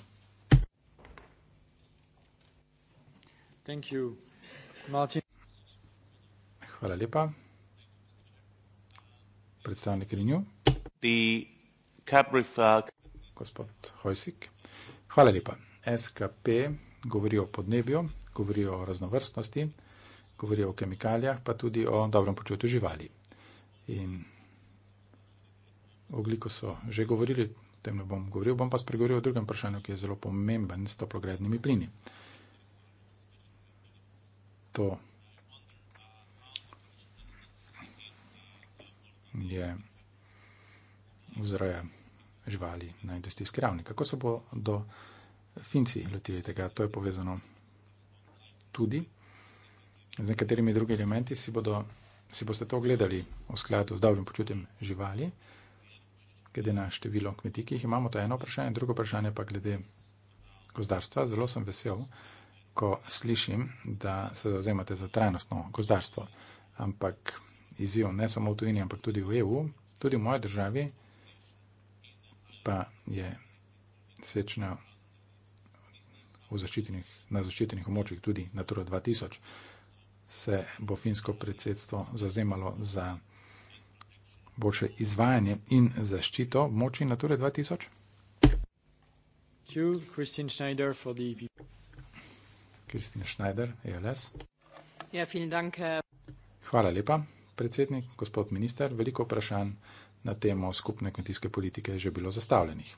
Hvala lepa predstavnik Rinju. Gospod Hojsik, hvala lepa. SKP govori o podnebju, govori o raznovrstnosti, govori o kemikalijah, pa tudi o dobrem počutju živali. In o gliku so že govorili, o tem ne bom govoril, bom pa spregovoril o drugem vprašanju, ki je zelo pomemben s toplogrednimi plini. To je vzroja živali na industrijski ravni. Kako se bodo Finci lotili tega? To je povezano tudi z nekaterimi drugimi elementi. Si, bodo, si boste to ogledali v skladu z dobrim počutjem živali, glede na število kmetij, ki jih imamo. To je eno vprašanje. Drugo vprašanje pa glede gozdarstva. Zelo sem vesel, ko slišim, da se zauzemate za trajnostno gozdarstvo. Ampak izziv, ne samo v tujini, ampak tudi v EU, tudi v moji državi, pa je sečna v zaščitenih, na zaščitenih območjih tudi Natura 2000, se bo finsko predsedstvo zazemalo za boljše izvajanje in zaščito moči Natura 2000. Kristina Schneider, ALS. Ja, vielen Dank. Hvala lepa predsednik, gospod minister, veliko vprašanj na temo skupne kmetijske politike je že bilo zastavljenih.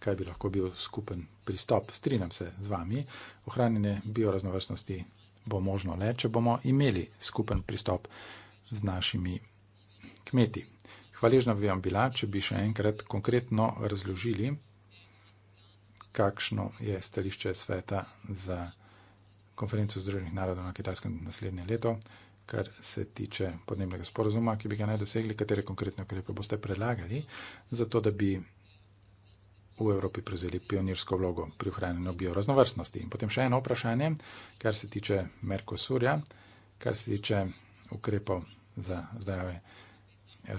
Kaj bi lahko bil skupen pristop? Strinjam se z vami, ohranjene bioraznovrstnosti bo možno le, če bomo imeli skupen pristop z našimi kmeti. Hvaležna bi vam bila, če bi še enkrat konkretno razložili, kakšno je stališče sveta za kmetijstvo konferenco Združenih narodov na Kitajskem naslednje leto, kar se tiče podnebnega sporozuma, ki bi ga naj dosegli, katere konkretne ukrepe boste predlagali, zato da bi v Evropi prevzeli pionirsko vlogo pri ohranjanju bioraznovrstnosti. In potem še eno vprašanje, kar se tiče Merkosurja, kar se tiče ukrepov za zdrave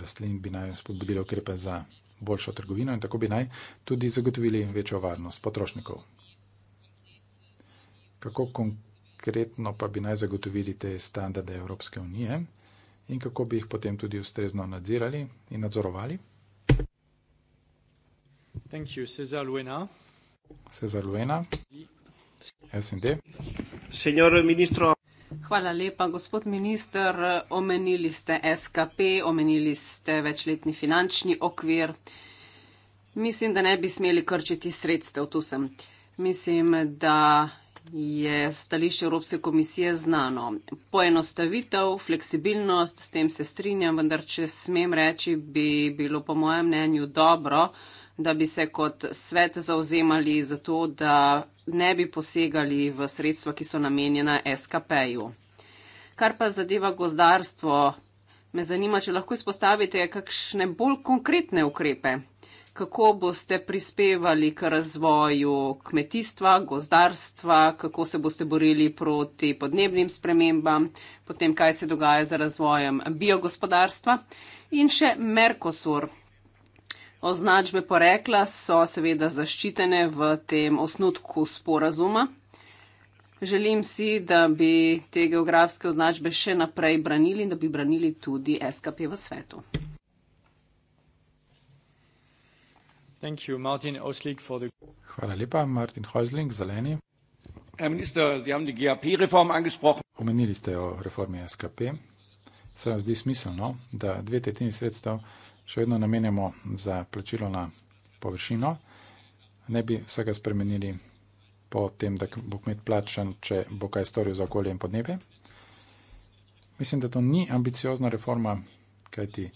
rastlin, bi naj spodbudili ukrepe za boljšo trgovino in tako bi naj tudi zagotovili večjo varnost potrošnikov. Kako konkretno? konkretno pa bi naj zagotovili te standarde Evropske unije in kako bi jih potem tudi ustrezno nadzirali in nadzorovali? Cezar Luena, SND. Hvala lepa, gospod minister. Omenili ste SKP, omenili ste večletni finančni okvir. Mislim, da ne bi smeli krčiti sredstev tu sem. Mislim, da je stališče Evropske komisije znano. Poenostavitev, fleksibilnost, s tem se strinjam, vendar če smem reči, bi bilo po mojem mnenju dobro, da bi se kot svet zauzemali za to, da ne bi posegali v sredstva, ki so namenjena SKP-ju. Kar pa zadeva gozdarstvo, me zanima, če lahko izpostavite kakšne bolj konkretne ukrepe, kako boste prispevali k razvoju kmetijstva, gozdarstva, kako se boste borili proti podnebnim spremembam, potem kaj se dogaja z razvojem biogospodarstva in še Merkosur. Označbe porekla so seveda zaščitene v tem osnutku sporazuma. Želim si, da bi te geografske označbe še naprej branili in da bi branili tudi SKP v svetu. Thank you, Martin Oslik for the... Hvala lepa, Martin Häusling, zeleni. Herr Minister, Sie haben die GAP-Reform angesprochen. Omenili ste o reformi SKP. Se vam zdi smiselno, da dve tretjini sredstev še vedno namenjamo za plačilo na površino, ne bi vsega spremenili po tem, da bo kmet plačan, če bo kaj storil za okolje in podnebje. Mislim, da to ni ambiciozna reforma, kajti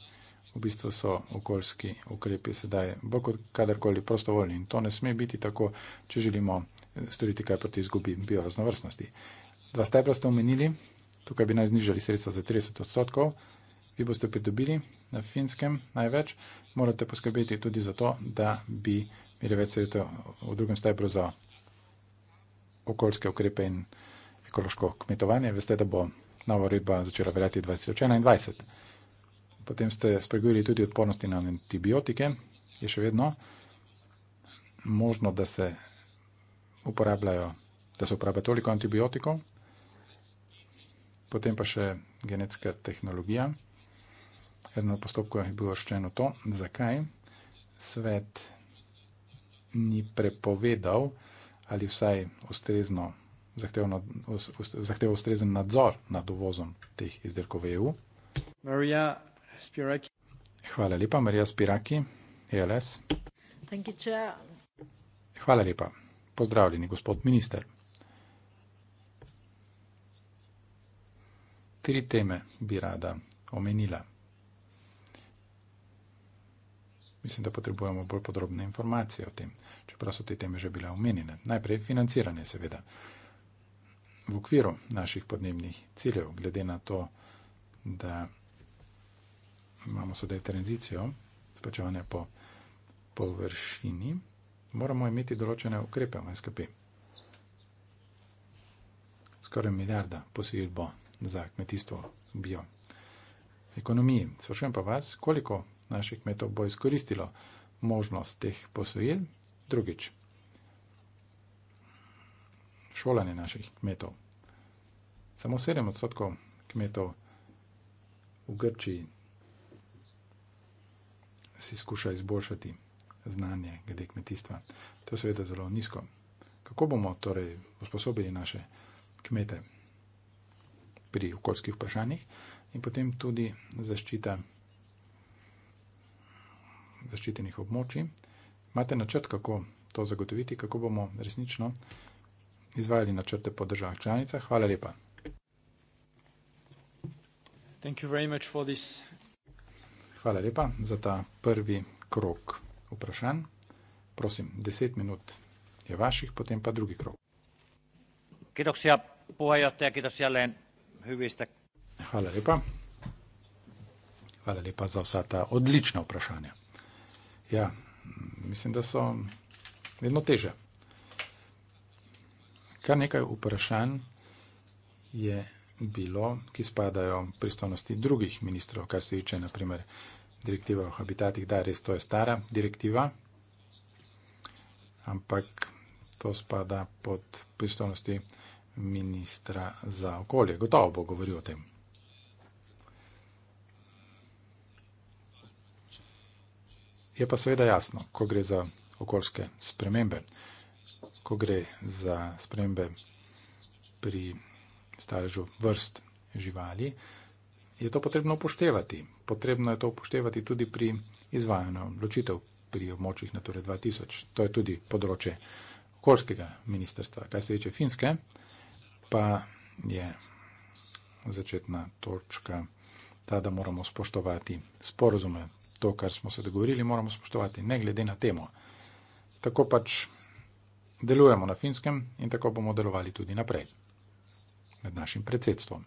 v bistvu so okoljski ukrepi sedaj bolj kot kadarkoli prostovoljni in to ne sme biti tako, če želimo eh, storiti kaj proti izgubi bioraznovrstnosti. Dva stebra ste omenili, tukaj bi naj znižali sredstva za 30 odstotkov, vi boste pridobili na finskem največ, morate poskrbeti tudi za to, da bi imeli več sredstva v drugem stebru za okoljske ukrepe in ekološko kmetovanje. Veste, da bo nova uredba začela veljati 2021. 20. Potem ste spregovorili tudi o odpornosti na antibiotike, je še vedno možno, da se uporabljajo, da se uporablja toliko antibiotikov, potem pa še genetska tehnologija. Eden od postopkov je bil oščeno to, zakaj svet ni prepovedal ali vsaj ustrezno zahteval ustrezen nadzor nad uvozom teh izdelkov v EU. Maria, Spiraki. Hvala lepa, Marija Spiraki, ELS. Hvala lepa. Pozdravljeni, gospod minister. Tri teme bi rada omenila. Mislim, da potrebujemo bolj podrobne informacije o tem, čeprav so te teme že bile omenjene. Najprej financiranje, seveda. V okviru naših podnebnih ciljev, glede na to, da imamo sedaj tranzicijo, spečevanje po površini, moramo imeti določene ukrepe v SKP. Skoraj milijarda posil bo za kmetijstvo bio. Ekonomiji. Svršujem pa vas, koliko naših kmetov bo izkoristilo možnost teh posojil. Drugič, šolanje naših kmetov. Samo 7 odstotkov kmetov v Grčiji si skuša izboljšati znanje glede kmetijstva. To je seveda zelo nizko. Kako bomo torej usposobili naše kmete pri okoljskih vprašanjih in potem tudi zaščita zaščitenih območij? Imate načrt, kako to zagotoviti, kako bomo resnično izvajali načrte po državah članicah? Hvala lepa. Thank you very much for this Hvala lepa za ta prvi krok vprašanj. Prosim, deset minut je vaših, potem pa drugi krok. Hvala lepa. Hvala lepa za vsa ta odlična vprašanja. Ja, mislim, da so vedno teže. Kar nekaj vprašanj je bilo, ki spadajo pristojnosti drugih ministrov, kar se tiče naprimer direktive o habitatih. Da, res to je stara direktiva, ampak to spada pod pristojnosti ministra za okolje. Gotovo bo govoril o tem. Je pa seveda jasno, ko gre za okoljske spremembe, ko gre za spremembe pri staležu vrst živali, je to potrebno upoštevati. Potrebno je to upoštevati tudi pri izvajanju ločitev pri območjih Natura 2000. To je tudi področje okoljskega ministrstva. Kaj se veče Finske, pa je začetna točka ta, da moramo spoštovati sporozume. To, kar smo se dogovorili, moramo spoštovati, ne glede na temo. Tako pač delujemo na Finskem in tako bomo delovali tudi naprej med našim predsedstvom.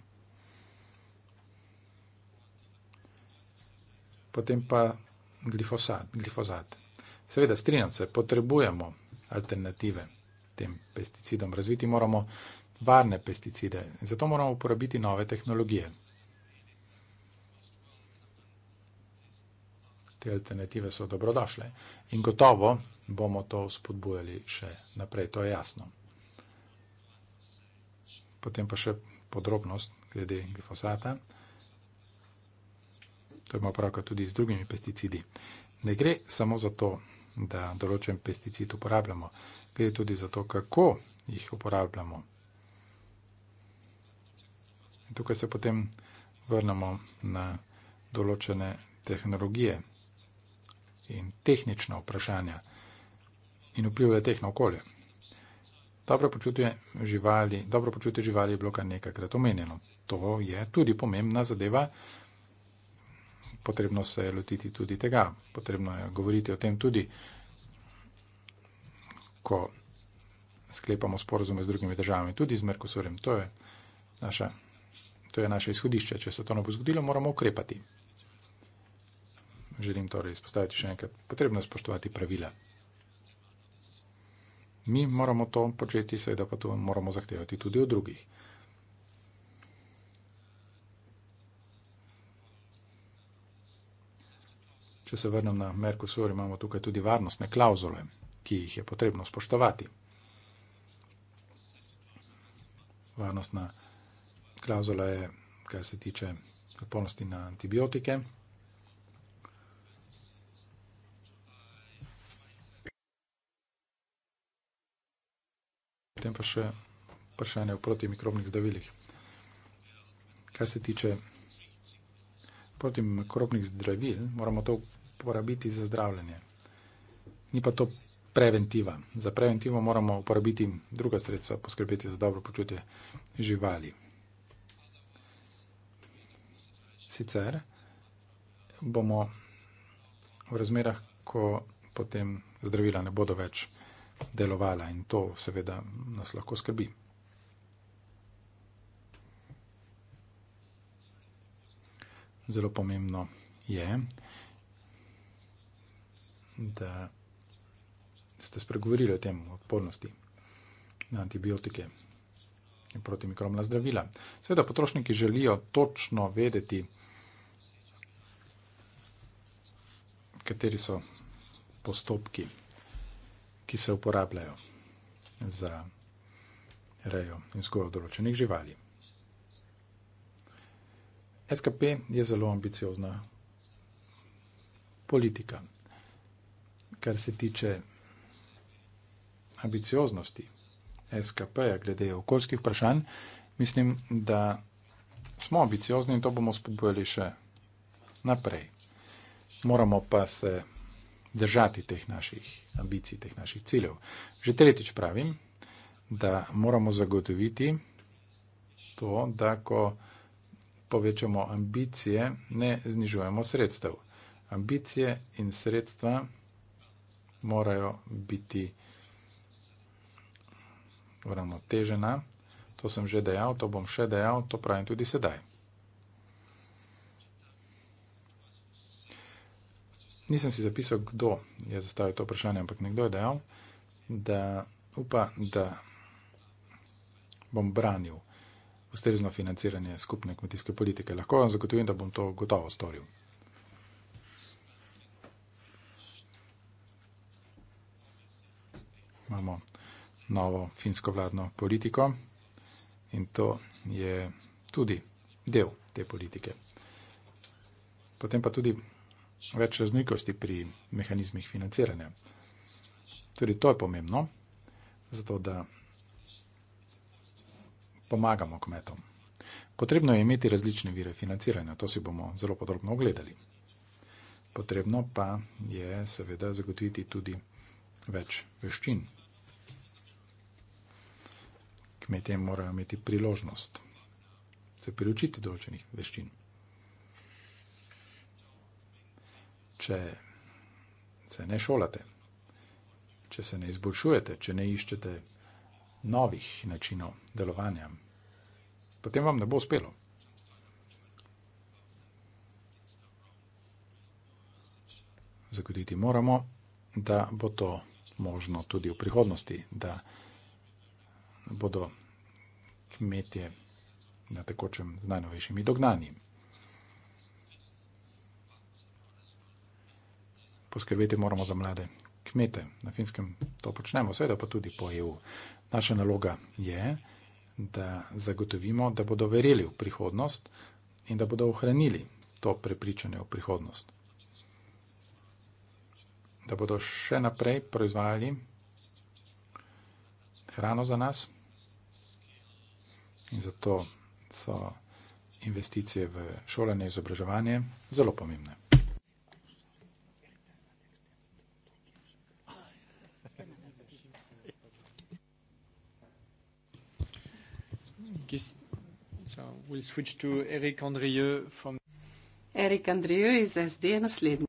Potem pa glifosat, glifosat. Seveda, strinjam se, potrebujemo alternative tem pesticidom. Razviti moramo varne pesticide, zato moramo uporabiti nove tehnologije. Te alternative so dobrodošle in gotovo bomo to spodbujali še naprej, to je jasno. Potem pa še podrobnost glede glifosata. To ima opravka tudi z drugimi pesticidi. Ne gre samo za to, da določen pesticid uporabljamo, gre tudi za to, kako jih uporabljamo. In tukaj se potem vrnemo na določene tehnologije in tehnična vprašanja in vplivajo teh na okolje. Dobro počutje živali, dobro počutje živali je bilo kar nekajkrat omenjeno. To je tudi pomembna zadeva. Potrebno se je lotiti tudi tega, potrebno je govoriti o tem tudi, ko sklepamo sporozume z drugimi državami, tudi z Merkosurjem. To, to je naše izhodišče. Če se to ne bo zgodilo, moramo ukrepati. Želim torej izpostaviti še enkrat, potrebno je spoštovati pravila. Mi moramo to početi, seveda pa to moramo zahtevati tudi od drugih. Če se vrnem na Merkusur, imamo tukaj tudi varnostne klauzule, ki jih je potrebno spoštovati. Varnostna klauzula je, kar se tiče odpornosti na antibiotike, Potem pa še vprašanje o protimikrobnih zdravilih. Kaj se tiče protimikrobnih zdravil, moramo to uporabiti za zdravljenje. Ni pa to preventiva. Za preventivo moramo uporabiti druga sredstva, poskrbeti za dobro počutje živali. Sicer bomo v razmerah, ko potem zdravila ne bodo več delovala in to seveda nas lahko skrbi. Zelo pomembno je, da ste spregovorili o tem odpornosti na antibiotike in protimikrobna zdravila. Seveda potrošniki želijo točno vedeti, kateri so postopki ki se uporabljajo za rejo in skojo določenih živali. SKP je zelo ambiciozna politika. Kar se tiče ambicioznosti SKP-ja glede okoljskih vprašanj, mislim, da smo ambiciozni in to bomo spodbojali še naprej. Moramo pa se držati teh naših ambicij, teh naših ciljev. Že tretjič pravim, da moramo zagotoviti to, da ko povečamo ambicije, ne znižujemo sredstev. Ambicije in sredstva morajo biti uravnotežena. To sem že dejal, to bom še dejal, to pravim tudi sedaj. nisem si zapisal, kdo je zastavil to vprašanje, ampak nekdo je dejal, da upa, da bom branil ustrezno financiranje skupne kmetijske politike. Lahko vam zagotovim, da bom to gotovo storil. Imamo novo finsko vladno politiko in to je tudi del te politike. Potem pa tudi več raznolikosti pri mehanizmih financiranja. Tudi to je pomembno, zato da pomagamo kmetom. Potrebno je imeti različne vire financiranja, to si bomo zelo podrobno ogledali. Potrebno pa je seveda zagotoviti tudi več veščin. Kmetje morajo imeti priložnost se priučiti določenih veščin. če se ne šolate, če se ne izboljšujete, če ne iščete novih načinov delovanja, potem vam ne bo uspelo. Zagoditi moramo, da bo to možno tudi v prihodnosti, da bodo kmetje na tekočem z najnovejšimi dognanji. poskrbeti moramo za mlade kmete. Na finskem to počnemo, seveda pa tudi po EU. Naša naloga je, da zagotovimo, da bodo verjeli v prihodnost in da bodo ohranili to prepričanje v prihodnost. Da bodo še naprej proizvajali hrano za nas in zato so investicije v šolanje in izobraževanje zelo pomembne. guess so we'll switch to Eric Andrieux from Eric Andrieux is SD and a slid.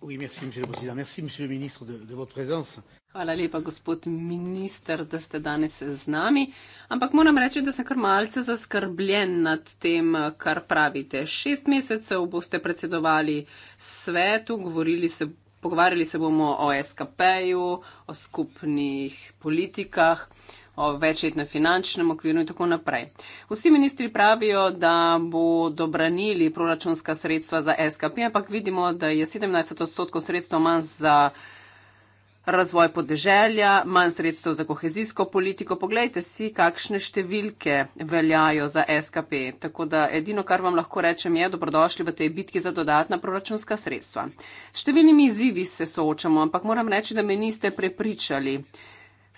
Oui, merci, Monsieur le Président. Merci, Monsieur le Ministre, de, de votre présence. Hvala lepa, gospod minister, da ste danes z nami. Ampak moram reči, da sem kar malce zaskrbljen nad tem, kar pravite. Šest mesecev boste predsedovali svetu, se, pogovarjali se bomo o SKP-ju, o skupnih politikah o večletnem finančnem okviru in tako naprej. Vsi ministri pravijo, da bodo branili proračunska sredstva za SKP, ampak vidimo, da je 17 odstotkov sredstva manj za razvoj podeželja, manj sredstev za kohezijsko politiko. Poglejte si, kakšne številke veljajo za SKP. Tako da edino, kar vam lahko rečem, je dobrodošli v tej bitki za dodatna proračunska sredstva. Številnimi izzivi se soočamo, ampak moram reči, da me niste prepričali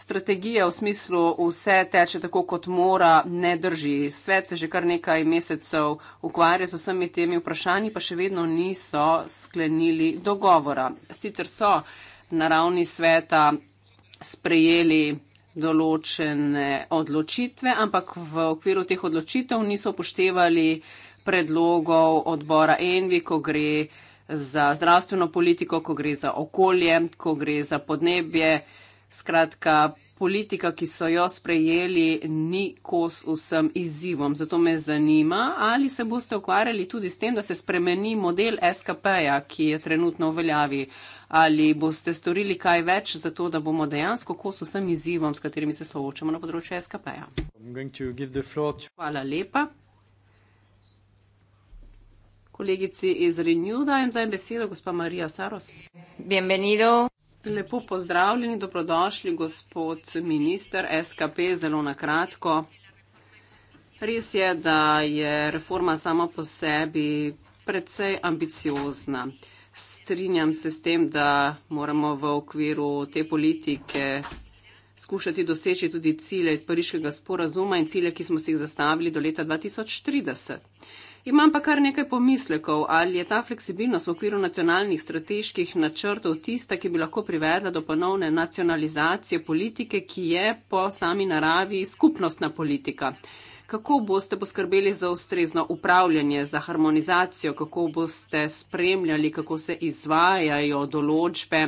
strategija v smislu vse teče tako, kot mora, ne drži. Svet se že kar nekaj mesecev ukvarja z vsemi temi vprašanji, pa še vedno niso sklenili dogovora. Sicer so na ravni sveta sprejeli določene odločitve, ampak v okviru teh odločitev niso upoštevali predlogov odbora Envi, ko gre za zdravstveno politiko, ko gre za okolje, ko gre za podnebje, Skratka, politika, ki so jo sprejeli, ni kos vsem izzivom. Zato me zanima, ali se boste ukvarjali tudi s tem, da se spremeni model SKP-ja, ki je trenutno v veljavi. Ali boste storili kaj več za to, da bomo dejansko kos vsem izzivom, s katerimi se soočamo na področju SKP-ja? Hvala lepa. Kolegici iz Renew dajem zdaj besedo, gospa Marija Saros. Bienvenido. Lepo pozdravljeni, dobrodošli, gospod minister SKP, zelo na kratko. Res je, da je reforma sama po sebi predvsej ambiciozna. Strinjam se s tem, da moramo v okviru te politike skušati doseči tudi cilje iz pariškega sporazuma in cilje, ki smo si jih zastavili do leta 2030. Imam pa kar nekaj pomislekov, ali je ta fleksibilnost v okviru nacionalnih strateških načrtov tista, ki bi lahko privedla do ponovne nacionalizacije politike, ki je po sami naravi skupnostna politika. Kako boste poskrbeli za ustrezno upravljanje, za harmonizacijo, kako boste spremljali, kako se izvajajo določbe,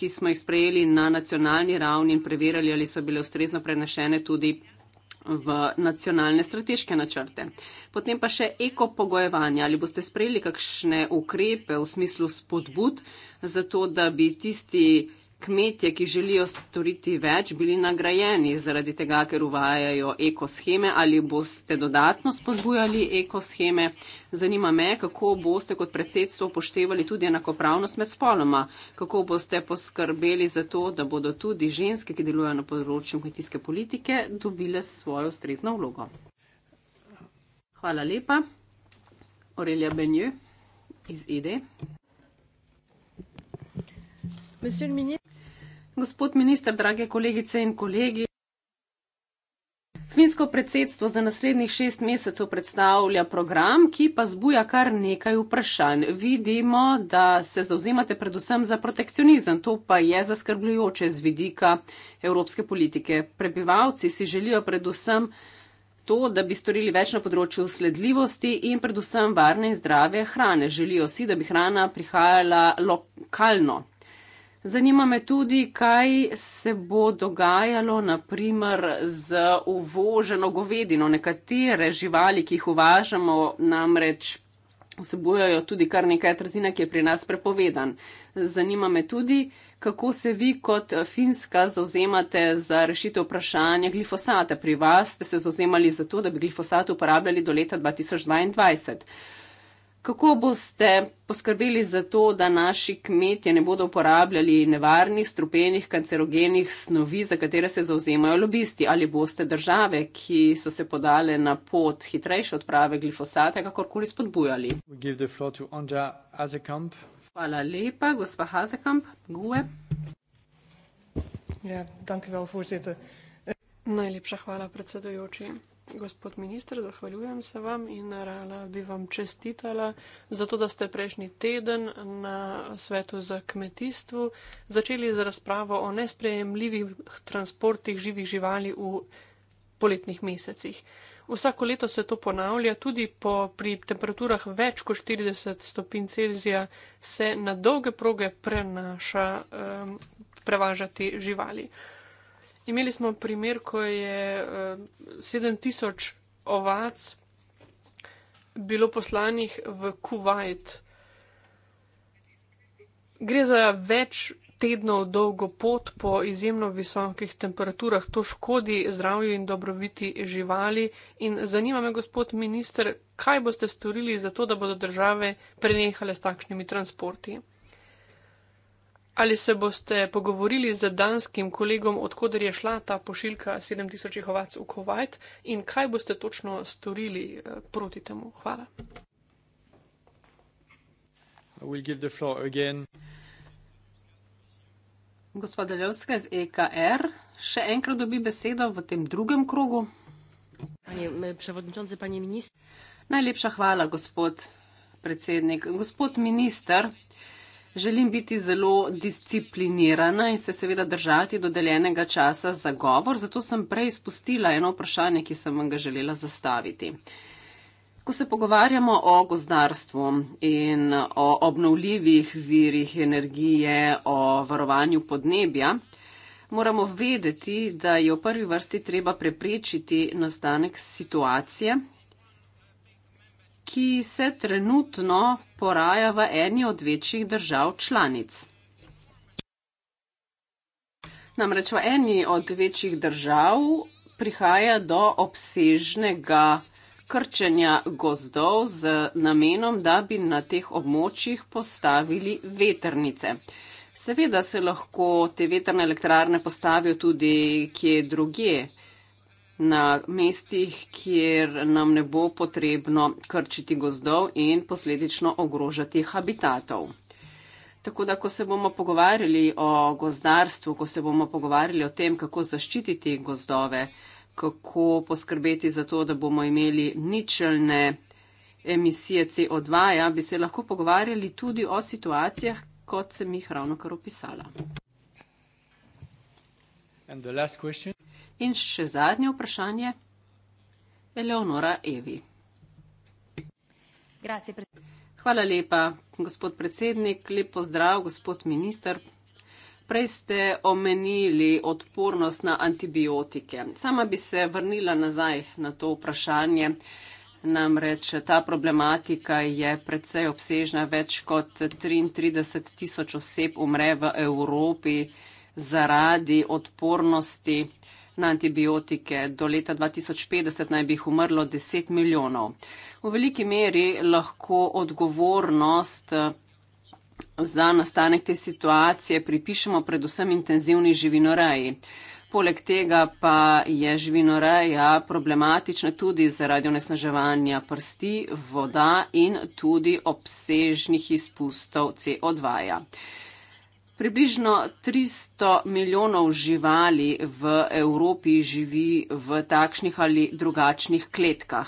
ki smo jih sprejeli na nacionalni ravni in preverjali, ali so bile ustrezno prenešene tudi v nacionalne strateške načrte. Potem pa še eko pogojevanje. Ali boste sprejeli kakšne ukrepe v smislu spodbud za to, da bi tisti, kmetje, ki želijo storiti več, bili nagrajeni zaradi tega, ker uvajajo ekosheme ali boste dodatno spodbujali ekosheme. Zanima me, kako boste kot predsedstvo poštevali tudi enakopravnost med spoloma, kako boste poskrbeli za to, da bodo tudi ženske, ki delujejo na področju kmetijske politike, dobile svojo ustrezno vlogo. Hvala lepa. Aurelia Benju iz IDE. Gospod minister, drage kolegice in kolegi. Finsko predsedstvo za naslednjih šest mesecev predstavlja program, ki pa zbuja kar nekaj vprašanj. Vidimo, da se zauzemate predvsem za protekcionizem, to pa je zaskrbljujoče z vidika evropske politike. Prebivalci si želijo predvsem to, da bi storili več na področju sledljivosti in predvsem varne in zdrave hrane. Želijo si, da bi hrana prihajala lokalno. Zanima me tudi, kaj se bo dogajalo naprimer z uvoženo govedino. Nekatere živali, ki jih uvažamo, namreč vsebujajo tudi kar nekaj trzina, ki je pri nas prepovedan. Zanima me tudi, kako se vi kot Finska zauzemate za rešitev vprašanja glifosata. Pri vas ste se zauzemali za to, da bi glifosat uporabljali do leta 2022. Kako boste poskrbeli za to, da naši kmetje ne bodo uporabljali nevarnih, strupenih, kancerogenih snovi, za katere se zauzemajo lobisti? Ali boste države, ki so se podale na pot hitrejše odprave glifosata, kakorkoli spodbujali? Hvala lepa, gospa Hazekamp, GUE. Ja, yeah, danke, vel, forsete. Najlepša hvala, predsedujoči. Gospod minister, zahvaljujem se vam in rada bi vam čestitala za to, da ste prejšnji teden na svetu za kmetijstvo začeli z razpravo o nesprejemljivih transportih živih živali v poletnih mesecih. Vsako leto se to ponavlja, tudi po, pri temperaturah več kot 40 stopinj Celzija se na dolge proge prenaša um, ehm, prevažati živali. Imeli smo primer, ko je uh, eh, 7000 ovac bilo poslanih v Kuwait. Gre za več tednov dolgo pot po izjemno visokih temperaturah. To škodi zdravju in dobrobiti živali. In zanima me, gospod minister, kaj boste storili za to, da bodo države prenehale s takšnimi transporti? Ali se boste pogovorili z danskim kolegom, odkud je šla ta pošiljka 7000 ovac v Kuwait in kaj boste točno storili eh, proti temu? Hvala. Gospod Ljovska iz EKR še enkrat dobi besedo v tem drugem krogu. Najlepša hvala, gospod predsednik. Gospod minister. Želim biti zelo disciplinirana in se seveda držati dodeljenega časa za govor, zato sem prej spustila eno vprašanje, ki sem vam ga želela zastaviti. Ko se pogovarjamo o gozdarstvu in o obnovljivih virih energije, o varovanju podnebja, moramo vedeti, da je v prvi vrsti treba preprečiti nastanek situacije, ki se trenutno poraja v eni od večjih držav članic. Namreč v eni od večjih držav prihaja do obsežnega krčenja gozdov z namenom, da bi na teh območjih postavili veternice. Seveda se lahko te veterne elektrarne postavijo tudi kje drugje na mestih, kjer nam ne bo potrebno krčiti gozdov in posledično ogrožati habitatov. Tako da, ko se bomo pogovarjali o gozdarstvu, ko se bomo pogovarjali o tem, kako zaščititi gozdove, kako poskrbeti za to, da bomo imeli ničelne emisije CO2, ja, bi se lahko pogovarjali tudi o situacijah, kot sem jih ravno kar opisala. In še zadnje vprašanje. Eleonora Evi. Hvala lepa, gospod predsednik. Lep pozdrav, gospod minister. Prej ste omenili odpornost na antibiotike. Sama bi se vrnila nazaj na to vprašanje. Namreč ta problematika je predvsej obsežna. Več kot 33 tisoč oseb umre v Evropi zaradi odpornosti na antibiotike. Do leta 2050 naj bi jih umrlo 10 milijonov. V veliki meri lahko odgovornost za nastanek te situacije pripišemo predvsem intenzivni živinoreji. Poleg tega pa je živinoreja problematična tudi zaradi onesnaževanja prsti, voda in tudi obsežnih izpustov CO2. -ja. Približno 300 milijonov živali v Evropi živi v takšnih ali drugačnih kletkah.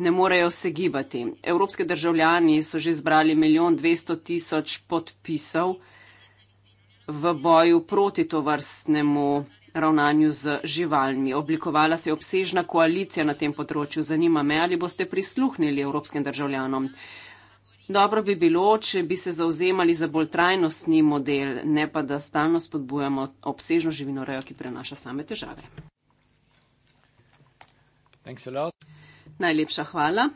Ne morejo se gibati. Evropske državljani so že zbrali milijon 200 tisoč podpisov v boju proti tovrstnemu ravnanju z živalmi. Oblikovala se je obsežna koalicija na tem področju. Zanima me, ali boste prisluhnili evropskim državljanom. Dobro bi bilo, če bi se zauzemali za bolj trajnostni model, ne pa da stalno spodbujamo obsežno živinorejo, ki prenaša same težave. Najlepša hvala.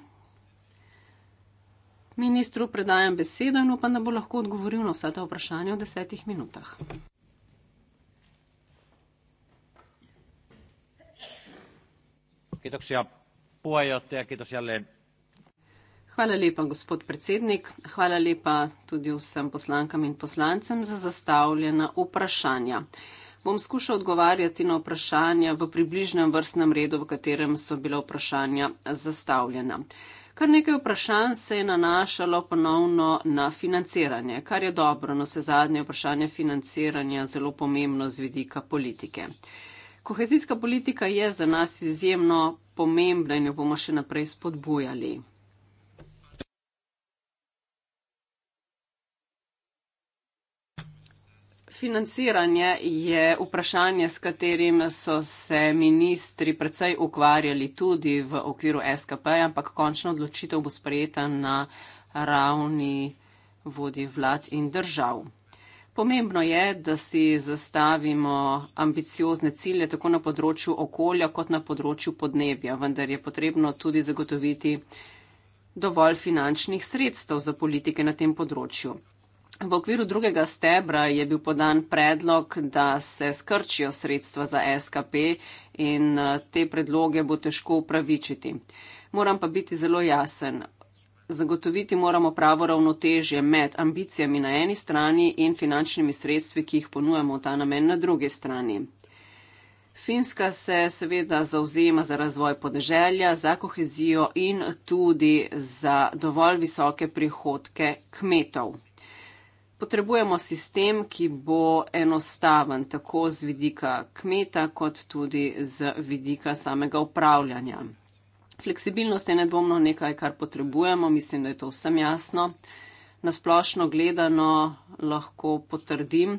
Ministru predajam besedo in upam, da bo lahko odgovoril na vsa ta vprašanja v desetih minutah. Kitoksia, Hvala lepa, gospod predsednik. Hvala lepa tudi vsem poslankam in poslancem za zastavljena vprašanja. Bom skušal odgovarjati na vprašanja v približnem vrstnem redu, v katerem so bila vprašanja zastavljena. Kar nekaj vprašanj se je nanašalo ponovno na financiranje, kar je dobro, no se zadnje vprašanje financiranja zelo pomembno z vidika politike. Kohezijska politika je za nas izjemno pomembna in jo bomo še naprej spodbujali. financiranje je vprašanje, s katerim so se ministri predvsej ukvarjali tudi v okviru SKP, ampak končna odločitev bo sprejeta na ravni vodi vlad in držav. Pomembno je, da si zastavimo ambiciozne cilje tako na področju okolja kot na področju podnebja, vendar je potrebno tudi zagotoviti dovolj finančnih sredstev za politike na tem področju. V okviru drugega stebra je bil podan predlog, da se skrčijo sredstva za SKP in eh, te predloge bo težko upravičiti. Moram pa biti zelo jasen. Zagotoviti moramo pravo ravnotežje med ambicijami na eni strani in finančnimi sredstvi, ki jih ponujemo v ta namen na drugi strani. Finska se seveda zauzema za razvoj podeželja, za kohezijo in tudi za dovolj visoke prihodke kmetov potrebujemo sistem, ki bo enostaven tako z vidika kmeta, kot tudi z vidika samega upravljanja. Fleksibilnost je nedvomno nekaj, kar potrebujemo, mislim, da je to vsem jasno. Nasplošno gledano lahko potrdim,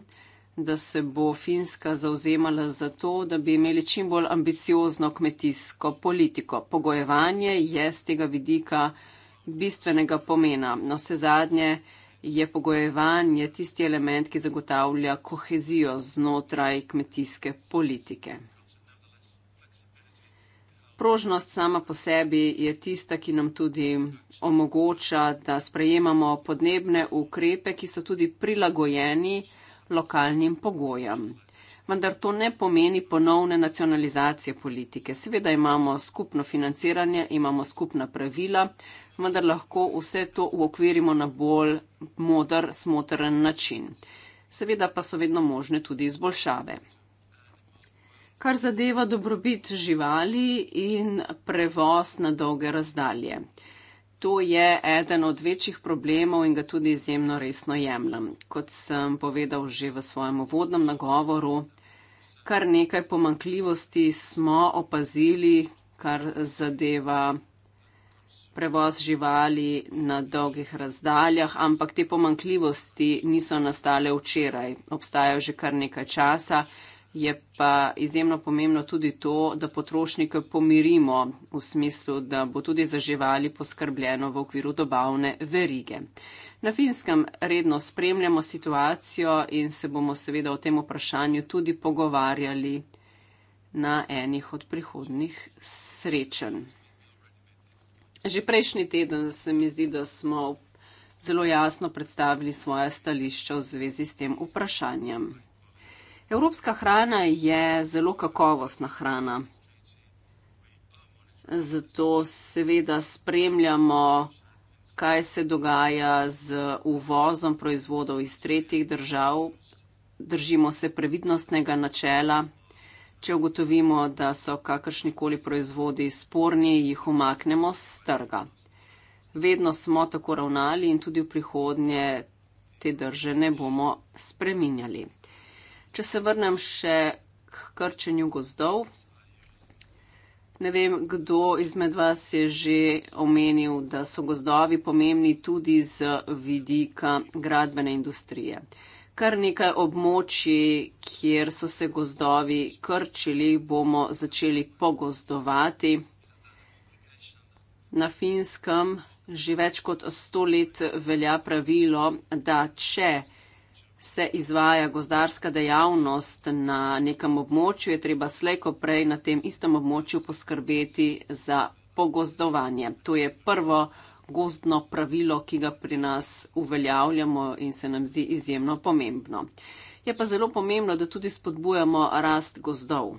da se bo Finska zauzemala za to, da bi imeli čim bolj ambiciozno kmetijsko politiko. Pogojevanje je z tega vidika bistvenega pomena. No, vse zadnje, uh, je pogojevanje tisti element, ki zagotavlja kohezijo znotraj kmetijske politike. Prožnost sama po sebi je tista, ki nam tudi omogoča, da sprejemamo podnebne ukrepe, ki so tudi prilagojeni lokalnim pogojem. Vendar to ne pomeni ponovne nacionalizacije politike. Seveda imamo skupno financiranje, imamo skupna pravila, vendar lahko vse to uokvirimo na bolj modr, smotren način. Seveda pa so vedno možne tudi izboljšave. Kar zadeva dobrobit živali in prevoz na dolge razdalje. To je eden od večjih problemov in ga tudi izjemno resno jemljem. Kot sem povedal že v svojem uvodnem nagovoru, kar nekaj pomankljivosti smo opazili, kar zadeva prevoz živali na dolgih razdaljah, ampak te pomankljivosti niso nastale včeraj, obstajajo že kar nekaj časa. Je pa izjemno pomembno tudi to, da potrošnike pomirimo v smislu, da bo tudi za živali poskrbljeno v okviru dobavne verige. Na finskem redno spremljamo situacijo in se bomo seveda o tem vprašanju tudi pogovarjali na enih od prihodnih srečanj. Že prejšnji teden se mi zdi, da smo zelo jasno predstavili svoje stališče v zvezi s tem vprašanjem. Evropska hrana je zelo kakovostna hrana. Zato seveda spremljamo, kaj se dogaja z uvozom proizvodov iz tretjih držav. Držimo se previdnostnega načela. Če ugotovimo, da so kakršnikoli proizvodi sporni, jih omaknemo z trga. Vedno smo tako ravnali in tudi v prihodnje te drže ne bomo spreminjali. Če se vrnem še k krčenju gozdov, ne vem, kdo izmed vas je že omenil, da so gozdovi pomembni tudi z vidika gradbene industrije kar nekaj območij, kjer so se gozdovi krčili, bomo začeli pogozdovati. Na finskem že več kot sto let velja pravilo, da če se izvaja gozdarska dejavnost na nekem območju, je treba slejko prej na tem istem območju poskrbeti za pogozdovanje. To je prvo gozdno pravilo, ki ga pri nas uveljavljamo in se nam zdi izjemno pomembno. Je pa zelo pomembno, da tudi spodbujamo rast gozdov.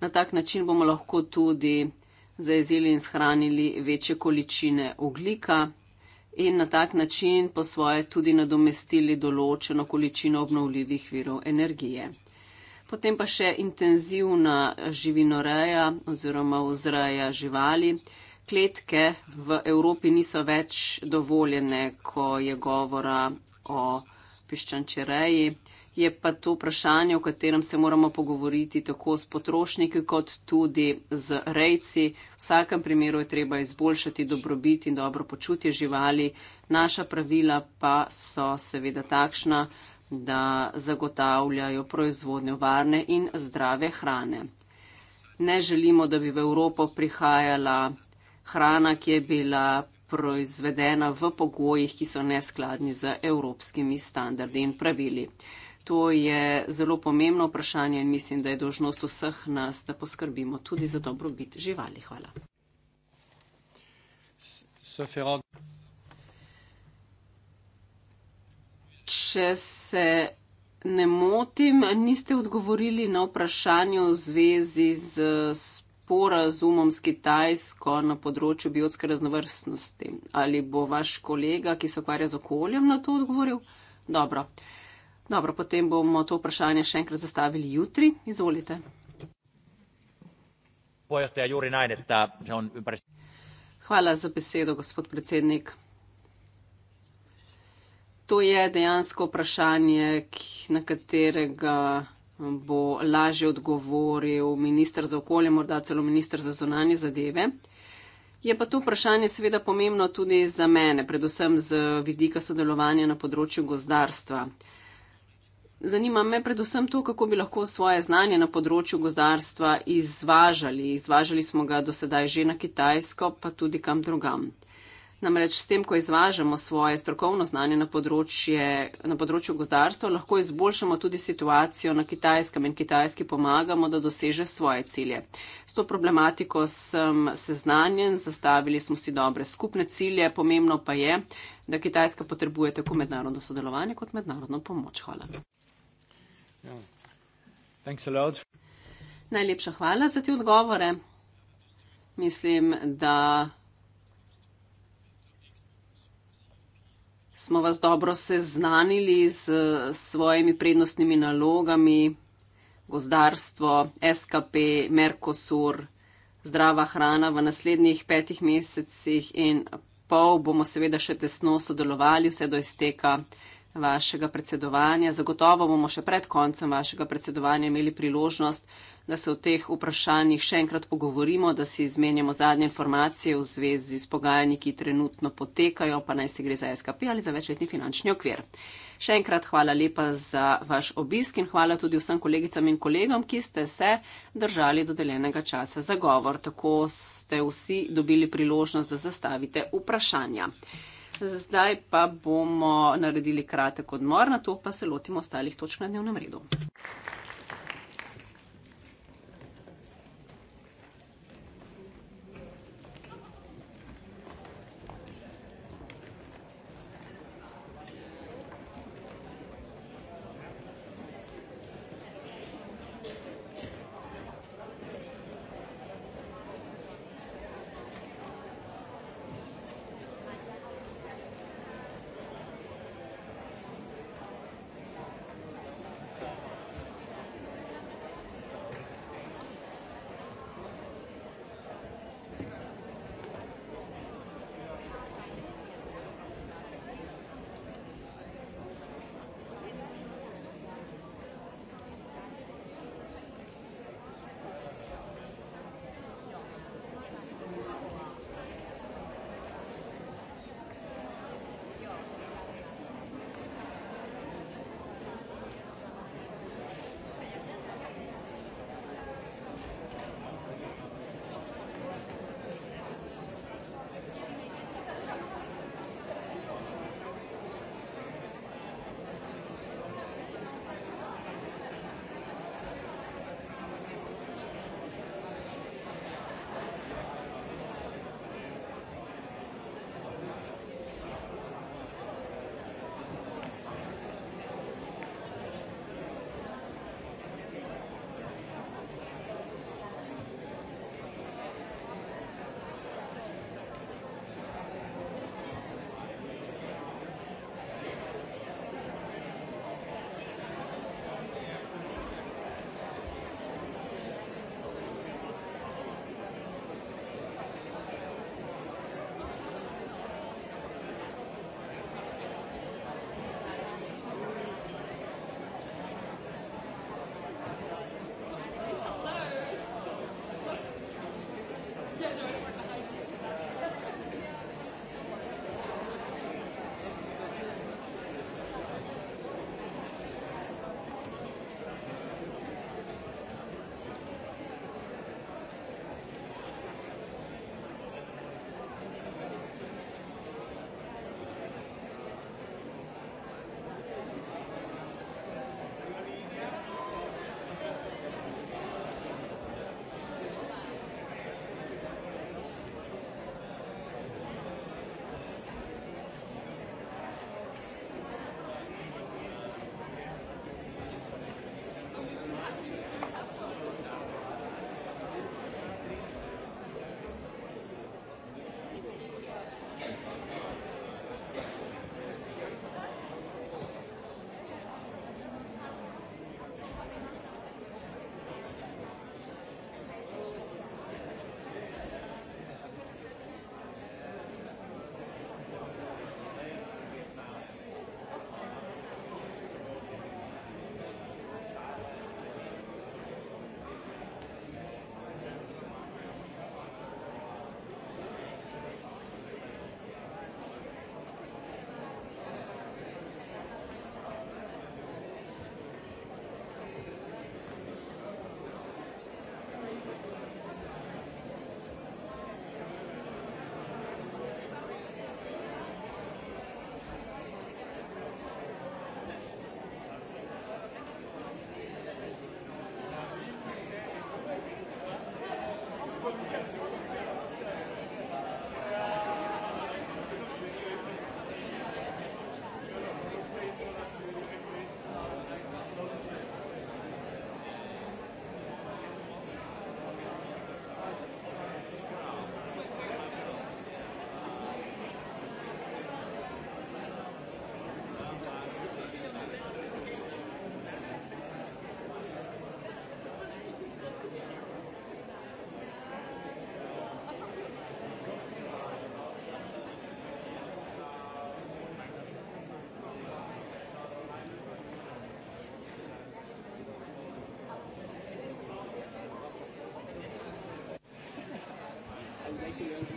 Na tak način bomo lahko tudi zajezili in shranili večje količine oglika in na tak način po svoje tudi nadomestili določeno količino obnovljivih virov energije. Potem pa še intenzivna živinoreja oziroma vzreja živali, kletke v Evropi niso več dovoljene, ko je govora o piščančereji. Je pa to vprašanje, o katerem se moramo pogovoriti tako s potrošniki, kot tudi z rejci. V vsakem primeru je treba izboljšati dobrobit in dobro počutje živali. Naša pravila pa so seveda takšna, da zagotavljajo proizvodnjo varne in zdrave hrane. Ne želimo, da bi v Evropo prihajala hrana, ki je bila proizvedena v pogojih, ki so neskladni z evropskimi standardi in pravili. To je zelo pomembno vprašanje in mislim, da je dožnost vseh nas, da poskrbimo tudi za dobrobit živali. Hvala. Če se ne motim, niste odgovorili na vprašanje v zvezi z sporazumom s Kitajsko na področju biotske raznovrstnosti. Ali bo vaš kolega, ki se ukvarja z okoljem, na to odgovoril? Dobro. Dobro, potem bomo to vprašanje še enkrat zastavili jutri. Izvolite. Hvala za besedo, gospod predsednik. To je dejansko vprašanje, na katerega bo lažje odgovoril ministr za okolje, morda celo ministr za zonanje zadeve. Je pa to vprašanje seveda pomembno tudi za mene, predvsem z vidika sodelovanja na področju gozdarstva. Zanima me predvsem to, kako bi lahko svoje znanje na področju gozdarstva izvažali. Izvažali smo ga do sedaj že na Kitajsko, pa tudi kam drugam. Namreč s tem, ko izvažamo svoje strokovno znanje na, področje, na področju gozdarstva, lahko izboljšamo tudi situacijo na kitajskem in kitajski pomagamo, da doseže svoje cilje. S to problematiko sem seznanjen, zastavili smo si dobre skupne cilje, pomembno pa je, da kitajska potrebuje tako mednarodno sodelovanje kot mednarodno pomoč. Hvala. Yeah. Ja. Najlepša hvala za te odgovore. Mislim, da. smo vas dobro seznanili s svojimi prednostnimi nalogami, gozdarstvo, SKP, Merkosur, zdrava hrana. V naslednjih petih mesecih in pol bomo seveda še tesno sodelovali vse do izteka vašega predsedovanja. Zagotovo bomo še pred koncem vašega predsedovanja imeli priložnost da se o teh vprašanjih še enkrat pogovorimo, da si izmenjamo zadnje informacije v zvezi z pogajanji, ki trenutno potekajo, pa naj se gre za SKP ali za večletni finančni okvir. Še enkrat hvala lepa za vaš obisk in hvala tudi vsem kolegicam in kolegom, ki ste se držali dodeljenega časa za govor. Tako ste vsi dobili priložnost, da zastavite vprašanja. Zdaj pa bomo naredili kratek odmor, na to pa se lotimo ostalih točk na dnevnem redu.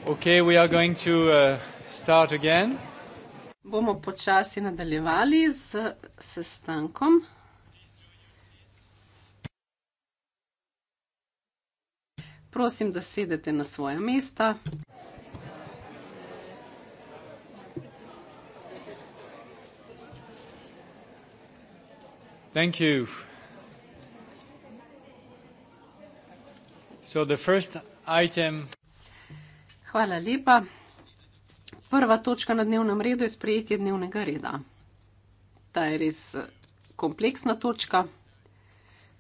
Okay, we are going to uh, start again. Bomo počasi nadaljevali z sestankom. Prosim, da sedete na svoja mesta. Thank you. So the first item Hvala lepa. Prva točka na dnevnem redu je sprejetje dnevnega reda. Ta je res eh, kompleksna točka.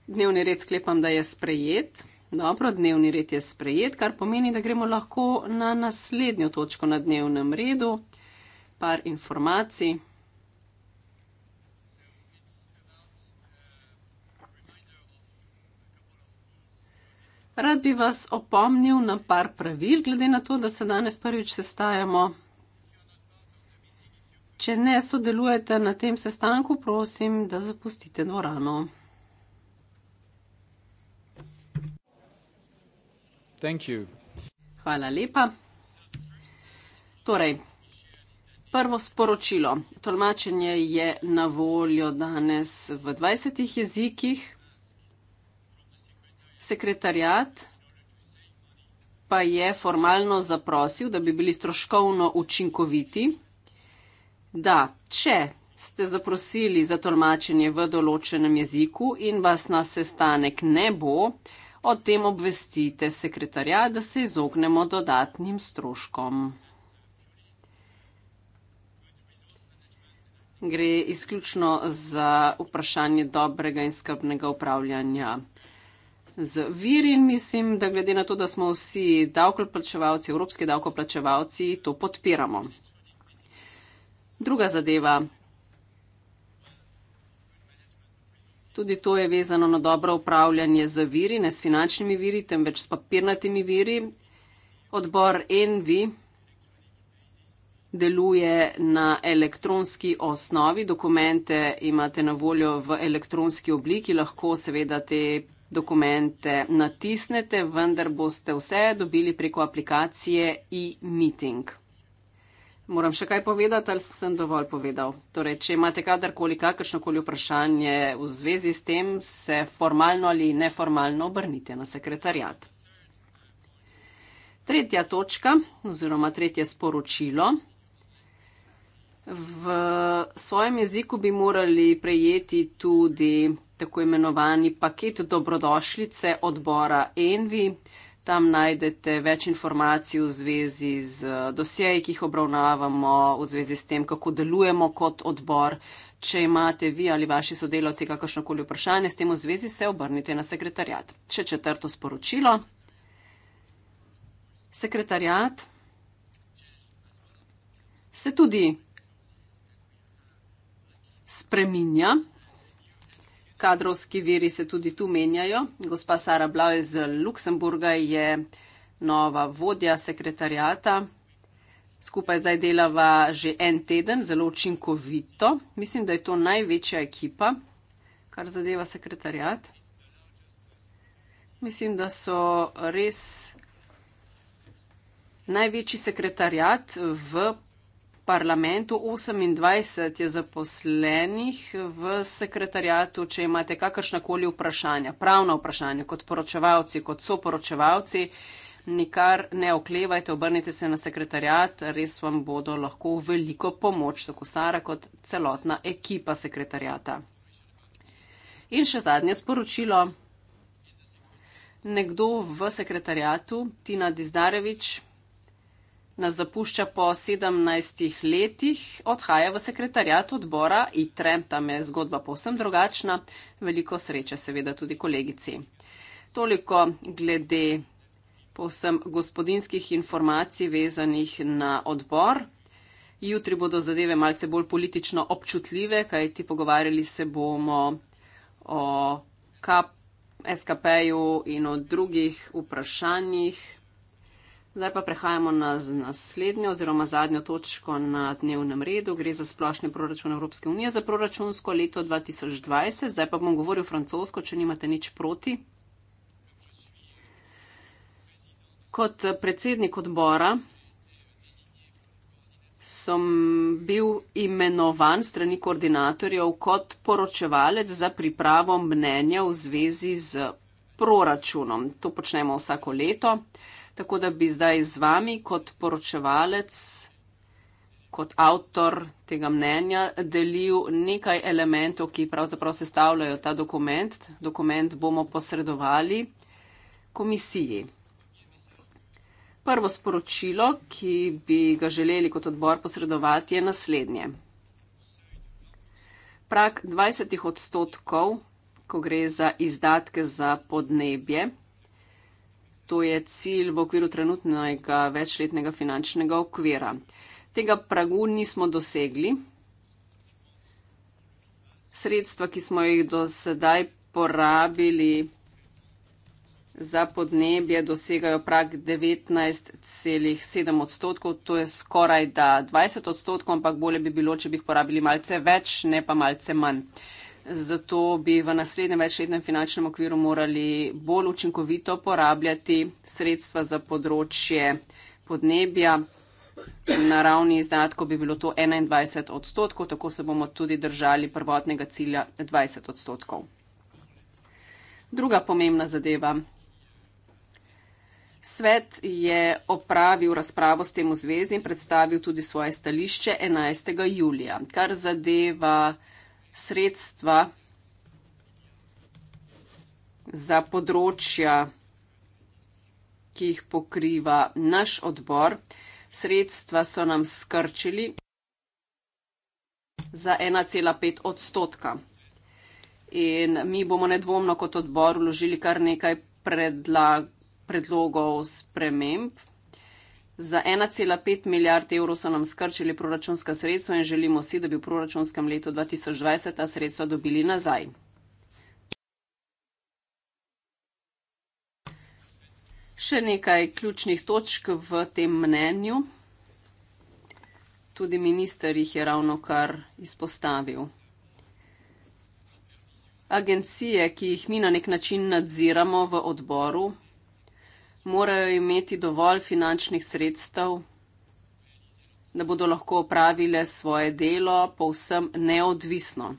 Dnevni red sklepam, da je sprejet. Dobro, dnevni red je sprejet, kar pomeni, da gremo lahko na naslednjo točko na dnevnem redu. Par informacij. Rad bi vas opomnil na par pravil, glede na to, da se danes prvič sestajamo. Če ne sodelujete na tem sestanku, prosim, da zapustite dvorano. Hvala lepa. Torej, prvo sporočilo. Tolmačenje je na voljo danes v 20 jezikih. Sekretariat pa je formalno zaprosil, da bi bili stroškovno učinkoviti, da če ste zaprosili za tolmačenje v določenem jeziku in vas na sestanek ne bo, o tem obvestite sekretarjat, da se izognemo dodatnim stroškom. Gre izključno za vprašanje dobrega in skrbnega upravljanja z viri in mislim, da glede na to, da smo vsi davkoplačevalci, evropski davkoplačevalci, to podpiramo. Druga zadeva. Tudi to je vezano na dobro upravljanje z viri, ne s finančnimi viri, temveč s papirnatimi viri. Odbor Envi deluje na elektronski osnovi. Dokumente imate na voljo v elektronski obliki, lahko seveda te dokumente natisnete, vendar boste vse dobili preko aplikacije e-meeting. Moram še kaj povedati, ali sem dovolj povedal? Torej, če imate kadarkoli, kakršnokoli vprašanje v zvezi s tem, se formalno ali neformalno obrnite na sekretarjat. Tretja točka oziroma tretje sporočilo. V svojem jeziku bi morali prejeti tudi tako imenovani paket dobrodošlice odbora Envi. Tam najdete več informacij v zvezi z eh, dosjeji, ki jih obravnavamo, v zvezi s tem, kako delujemo kot odbor. Če imate vi ali vaši sodelavci kakršnokoli vprašanje s tem v zvezi, se obrnite na sekretarjat. Še četrto sporočilo. Sekretarjat se tudi spreminja kadrovski veri se tudi tu menjajo. Gospa Sara Blau iz Luksemburga je nova vodja sekretarjata. Skupaj zdaj delava že en teden, zelo učinkovito. Mislim, da je to največja ekipa, kar zadeva sekretarjat. Mislim, da so res največji sekretarjat v parlamentu 28 je zaposlenih v sekretarijatu. Če imate kakršnakoli vprašanja, pravna vprašanja, kot poročevalci, kot soporočevalci, nikar ne oklevajte, obrnite se na sekretarijat, res vam bodo lahko veliko pomoč, tako Sara kot celotna ekipa sekretarijata. In še zadnje sporočilo. Nekdo v sekretarijatu, Tina Dizdarevič, nas zapušča po 17 letih, odhaja v sekretarjat odbora ITRE, tam je zgodba povsem drugačna. Veliko sreče seveda tudi kolegici. Toliko glede povsem gospodinskih informacij vezanih na odbor. Jutri bodo zadeve malce bolj politično občutljive, kajti pogovarjali se bomo o KP, SKP-ju in o drugih vprašanjih. Zdaj pa prehajamo na naslednjo oziroma zadnjo točko na dnevnem redu. Gre za splošni proračun Evropske unije za proračunsko leto 2020. Zdaj pa bom govoril francosko, če nimate nič proti. Kot predsednik odbora sem bil imenovan strani koordinatorjev kot poročevalec za pripravo mnenja v zvezi z proračunom. To počnemo vsako leto tako da bi zdaj z vami kot poročevalec, kot avtor tega mnenja delil nekaj elementov, ki pravzaprav sestavljajo ta dokument. Dokument bomo posredovali komisiji. Prvo sporočilo, ki bi ga želeli kot odbor posredovati, je naslednje. Prak 20 odstotkov, ko gre za izdatke za podnebje, To je cilj v okviru trenutnega večletnega finančnega okvira. Tega pragu nismo dosegli. Sredstva, ki smo jih do sedaj porabili za podnebje, dosegajo prag 19,7 odstotkov. To je skoraj da 20 odstotkov, ampak bolje bi bilo, če bi jih porabili malce več, ne pa malce manj. Uh, zato bi v naslednjem večletnem finančnem okviru morali bolj učinkovito porabljati sredstva za področje podnebja. Na ravni izdatkov bi bilo to 21 odstotkov, tako se bomo tudi držali prvotnega cilja 20 odstotkov. Druga pomembna zadeva. Svet je opravil razpravo s tem v zvezi in predstavil tudi svoje stališče 11. julija, kar zadeva sredstva za področja, ki jih pokriva naš odbor. Sredstva so nam skrčili za 1,5 odstotka. In mi bomo nedvomno kot odbor vložili kar nekaj predlog, predlogov sprememb Za 1,5 milijard evrov so nam skrčili proračunska sredstva in želimo si, da bi v proračunskem letu 2020 ta sredstva dobili nazaj. Še nekaj ključnih točk v tem mnenju. Tudi minister jih je ravno kar izpostavil. Agencije, ki jih mi na nek način nadziramo v odboru, morajo imeti dovolj finančnih sredstev, da bodo lahko opravile svoje delo povsem neodvisno.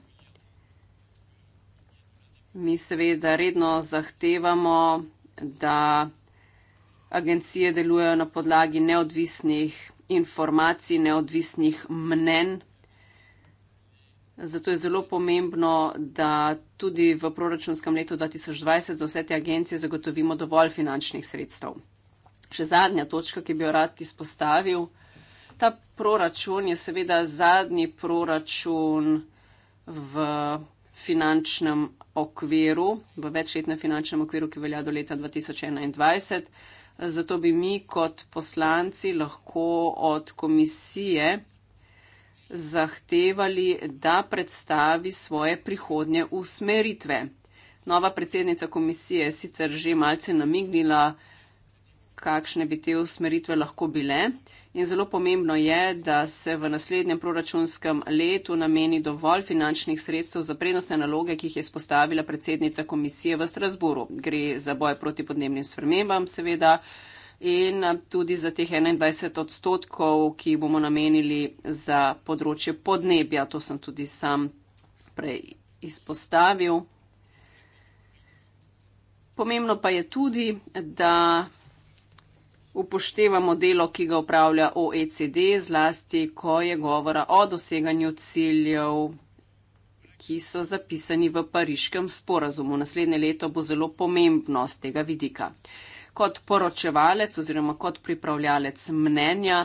Mi seveda redno zahtevamo, da agencije delujejo na podlagi neodvisnih informacij, neodvisnih mnen. Zato je zelo pomembno, da tudi v proračunskem letu 2020 za vse te agencije zagotovimo dovolj finančnih sredstev. Še zadnja točka, ki bi jo rad izpostavil. Ta proračun je seveda zadnji proračun v finančnem okviru, v večletnem finančnem okviru, ki velja do leta 2021. Zato bi mi kot poslanci lahko od komisije zahtevali, da predstavi svoje prihodnje usmeritve. Nova predsednica komisije je sicer že malce namignila, kakšne bi te usmeritve lahko bile. In zelo pomembno je, da se v naslednjem proračunskem letu nameni dovolj finančnih sredstev za prednostne naloge, ki jih je spostavila predsednica komisije v Strasburu. Gre za boj proti podnebnim spremembam, seveda, in tudi za teh 21 odstotkov, ki jih bomo namenili za področje podnebja. To sem tudi sam prej izpostavil. Pomembno pa je tudi, da upoštevamo delo, ki ga upravlja OECD, zlasti, ko je govora o doseganju ciljev, ki so zapisani v pariškem sporazumu. Naslednje leto bo zelo pomembno z tega vidika kot poročevalec oziroma kot pripravljalec mnenja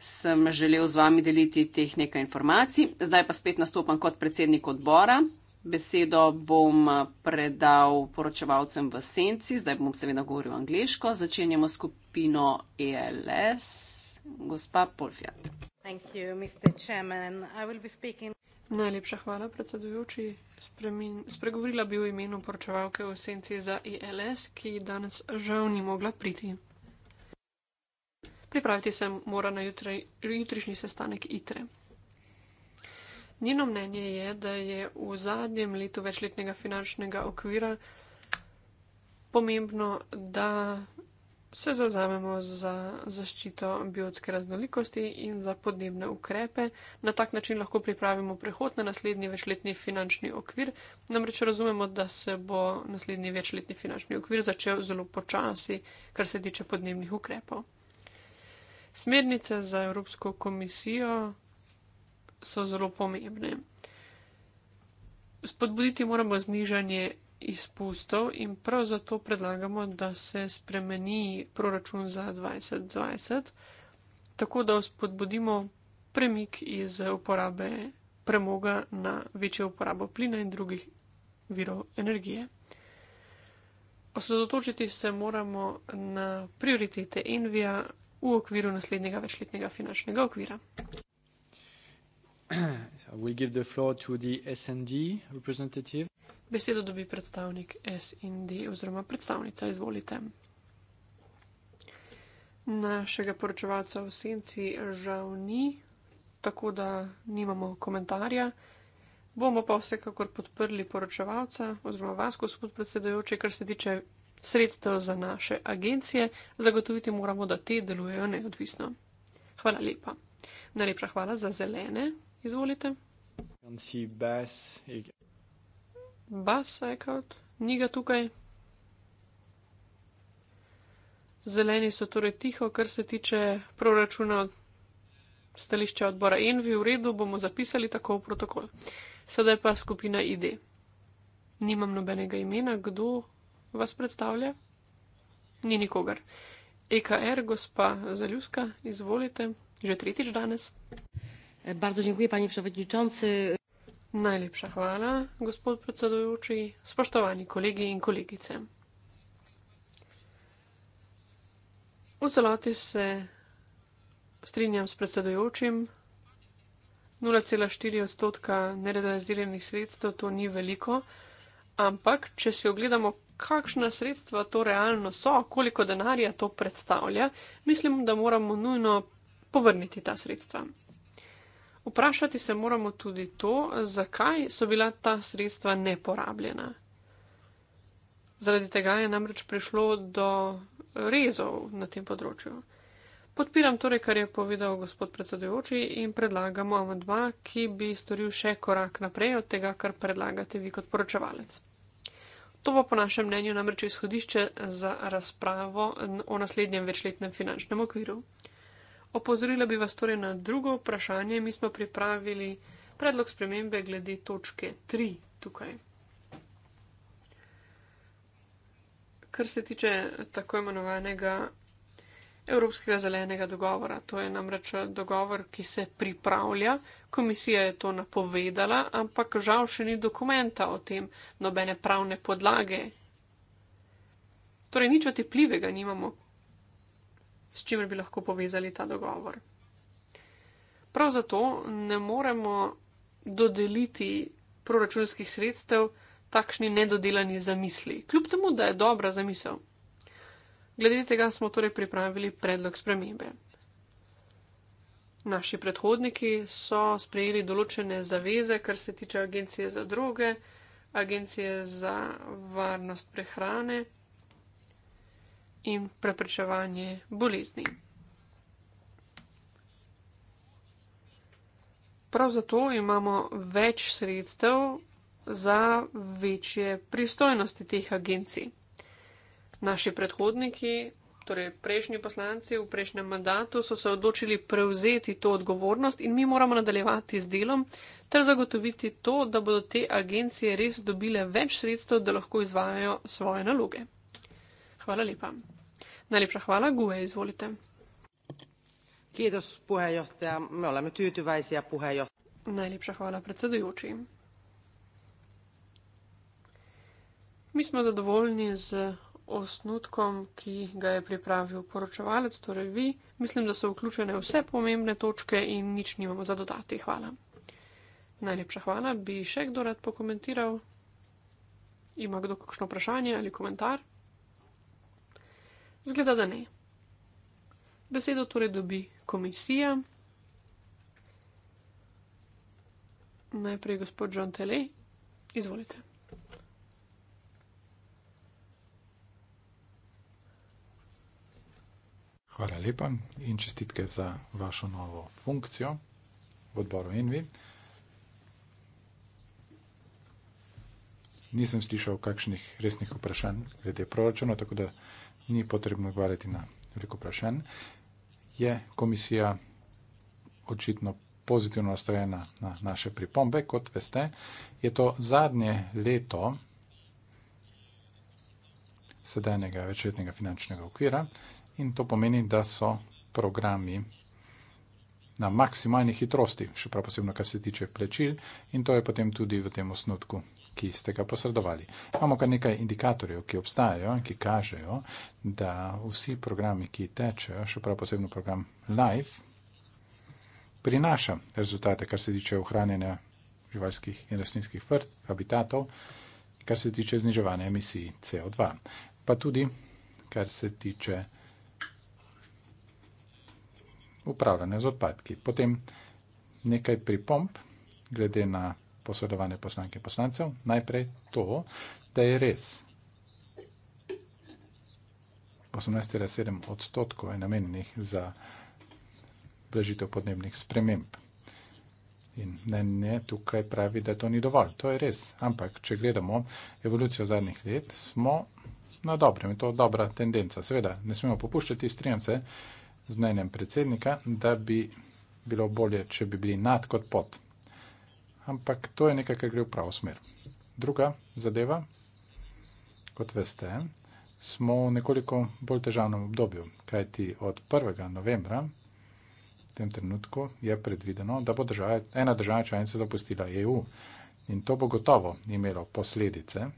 sem želel z vami deliti teh nekaj informacij. Zdaj pa spet nastopam kot predsednik odbora. Besedo bom predal poročevalcem v senci. Zdaj bom seveda govoril angliško. Začenjamo skupino ELS. Gospa Polfjat. Thank you, Mr. Chairman. I will be speaking Najlepša hvala, predsedujoči. Spremin, spregovorila bi v imenu poročevalke v senci za ILS, e ki danes žal ni mogla priti. Pripraviti se mora na jutri, jutrišnji sestanek ITRE. Njeno mnenje je, da je v zadnjem letu večletnega finančnega okvira pomembno, da se zauzamemo za zaščito biotske raznolikosti in za podnebne ukrepe. Na tak način lahko pripravimo prehod na naslednji večletni finančni okvir. Namreč razumemo, da se bo naslednji večletni finančni okvir začel zelo počasi, kar se tiče podnebnih ukrepov. Smernice za Evropsko komisijo so zelo pomembne. Spodbuditi moramo znižanje izpustov in prav zato predlagamo, da se spremeni proračun za 2020, tako da spodbudimo premik iz uporabe premoga na večjo uporabo plina in drugih virov energije. Osredotočiti se moramo na prioritete Envija v okviru naslednjega večletnega finančnega okvira. I will give the floor to the SND representative. Besedo dobi predstavnik SND oziroma predstavnica, izvolite. Našega poročevalca v senci žal ni, tako da nimamo komentarja. Bomo pa vsekakor podprli poročevalca oziroma vas, gospod predsedojoči, kar se tiče sredstev za naše agencije. Zagotoviti moramo, da te delujejo neodvisno. Hvala lepa. Najlepša hvala za zelene. Izvolite bas, ajkot, ni ga tukaj. Zeleni so torej tiho, kar se tiče proračuna stališča odbora Envi, v redu, bomo zapisali tako v protokol. Sedaj pa skupina ID. Nimam nobenega imena, kdo vas predstavlja? Ni nikogar. EKR, er, gospa Zaljuska, izvolite, že tretjič danes. Bardzo dziękuję, panie przewodniczący. Najlepša hvala, gospod predsedujoči, spoštovani kolegi in kolegice. V celoti se strinjam s predsedujočim. 0,4 odstotka nerealiziranih sredstev to ni veliko, ampak če si ogledamo, kakšna sredstva to realno so, koliko denarja to predstavlja, mislim, da moramo nujno povrniti ta sredstva. Vprašati se moramo tudi to, zakaj so bila ta sredstva neporabljena. Zaradi tega je namreč prišlo do rezov na tem področju. Podpiram torej, kar je povedal gospod predsedujoči in predlagamo amadma, ki bi storil še korak naprej od tega, kar predlagate vi kot poročevalec. To bo po našem mnenju namreč izhodišče za razpravo o naslednjem večletnem finančnem okviru. Opozorila bi vas torej na drugo vprašanje. Mi smo pripravili predlog spremembe glede točke 3 tukaj. Kar se tiče tako imenovanega Evropskega zelenega dogovora, to je namreč dogovor, ki se pripravlja. Komisija je to napovedala, ampak žal še ni dokumenta o tem, nobene pravne podlage. Torej, nič otepljivega nimamo, s čimer bi lahko povezali ta dogovor. Prav zato ne moremo dodeliti proračunskih sredstev takšni nedodelani zamisli, kljub temu, da je dobra zamisel. Glede tega smo torej pripravili predlog spremembe. Naši predhodniki so sprejeli določene zaveze, kar se tiče agencije za droge, agencije za varnost prehrane in preprečevanje bolezni. Prav zato imamo več sredstev za večje pristojnosti teh agencij. Naši predhodniki, torej prejšnji poslanci v prejšnjem mandatu, so se odločili prevzeti to odgovornost in mi moramo nadaljevati z delom ter zagotoviti to, da bodo te agencije res dobile več sredstev, da lahko izvajajo svoje naloge hvala lepa. Najlepša hvala, Gue, izvolite. Kiitos, puheenjohtaja. Me olemme tyytyväisiä, puheenjohtaja. Najlepša hvala, predsedujoči. Mi smo zadovoljni z osnutkom, ki ga je pripravil poročevalec, torej vi. Mislim, da so vključene vse pomembne točke in nič nimamo za dodati. Hvala. Najlepša hvala. Bi še kdo rad pokomentiral? Ima kdo kakšno vprašanje ali komentar? Zgleda, da ne. Besedo torej dobi komisija. Najprej gospod John Tele, izvolite. Hvala lepa in čestitke za vašo novo funkcijo v odboru Envi. Nisem slišal kakšnih resnih vprašanj glede proračuna, tako da ni potrebno odgovarjati na veliko vprašanj. Je komisija očitno pozitivno nastrojena na naše pripombe, kot veste, je to zadnje leto sedajnega večletnega finančnega okvira in to pomeni, da so programi na maksimalni hitrosti, še prav posebno, kar se tiče plečil in to je potem tudi v tem osnutku ki ste ga posredovali. Imamo kar nekaj indikatorjev, ki obstajajo in ki kažejo, da vsi programi, ki tečejo, še prav posebno program Live, prinaša rezultate, kar se tiče ohranjanja živalskih in rastlinskih vrt, habitatov, kar se tiče zniževanja emisij CO2, pa tudi kar se tiče upravljanja z odpadki. Potem nekaj pripomp glede na posredovanje poslanke poslancev. Najprej to, da je res 18,7 odstotkov je namenjenih za blažitev podnebnih sprememb. In ne, ne, tukaj pravi, da to ni dovolj. To je res. Ampak, če gledamo evolucijo zadnjih let, smo na dobrem. Je to dobra tendenca. Seveda, ne smemo popuščati strijance z mnenjem predsednika, da bi bilo bolje, če bi bili nad kot pod ampak to je nekaj, kar gre v pravo smer. Druga zadeva, kot veste, smo v nekoliko bolj težavnem obdobju, kajti od 1. novembra v tem trenutku je predvideno, da bo država, ena država članica zapustila EU in to bo gotovo imelo posledice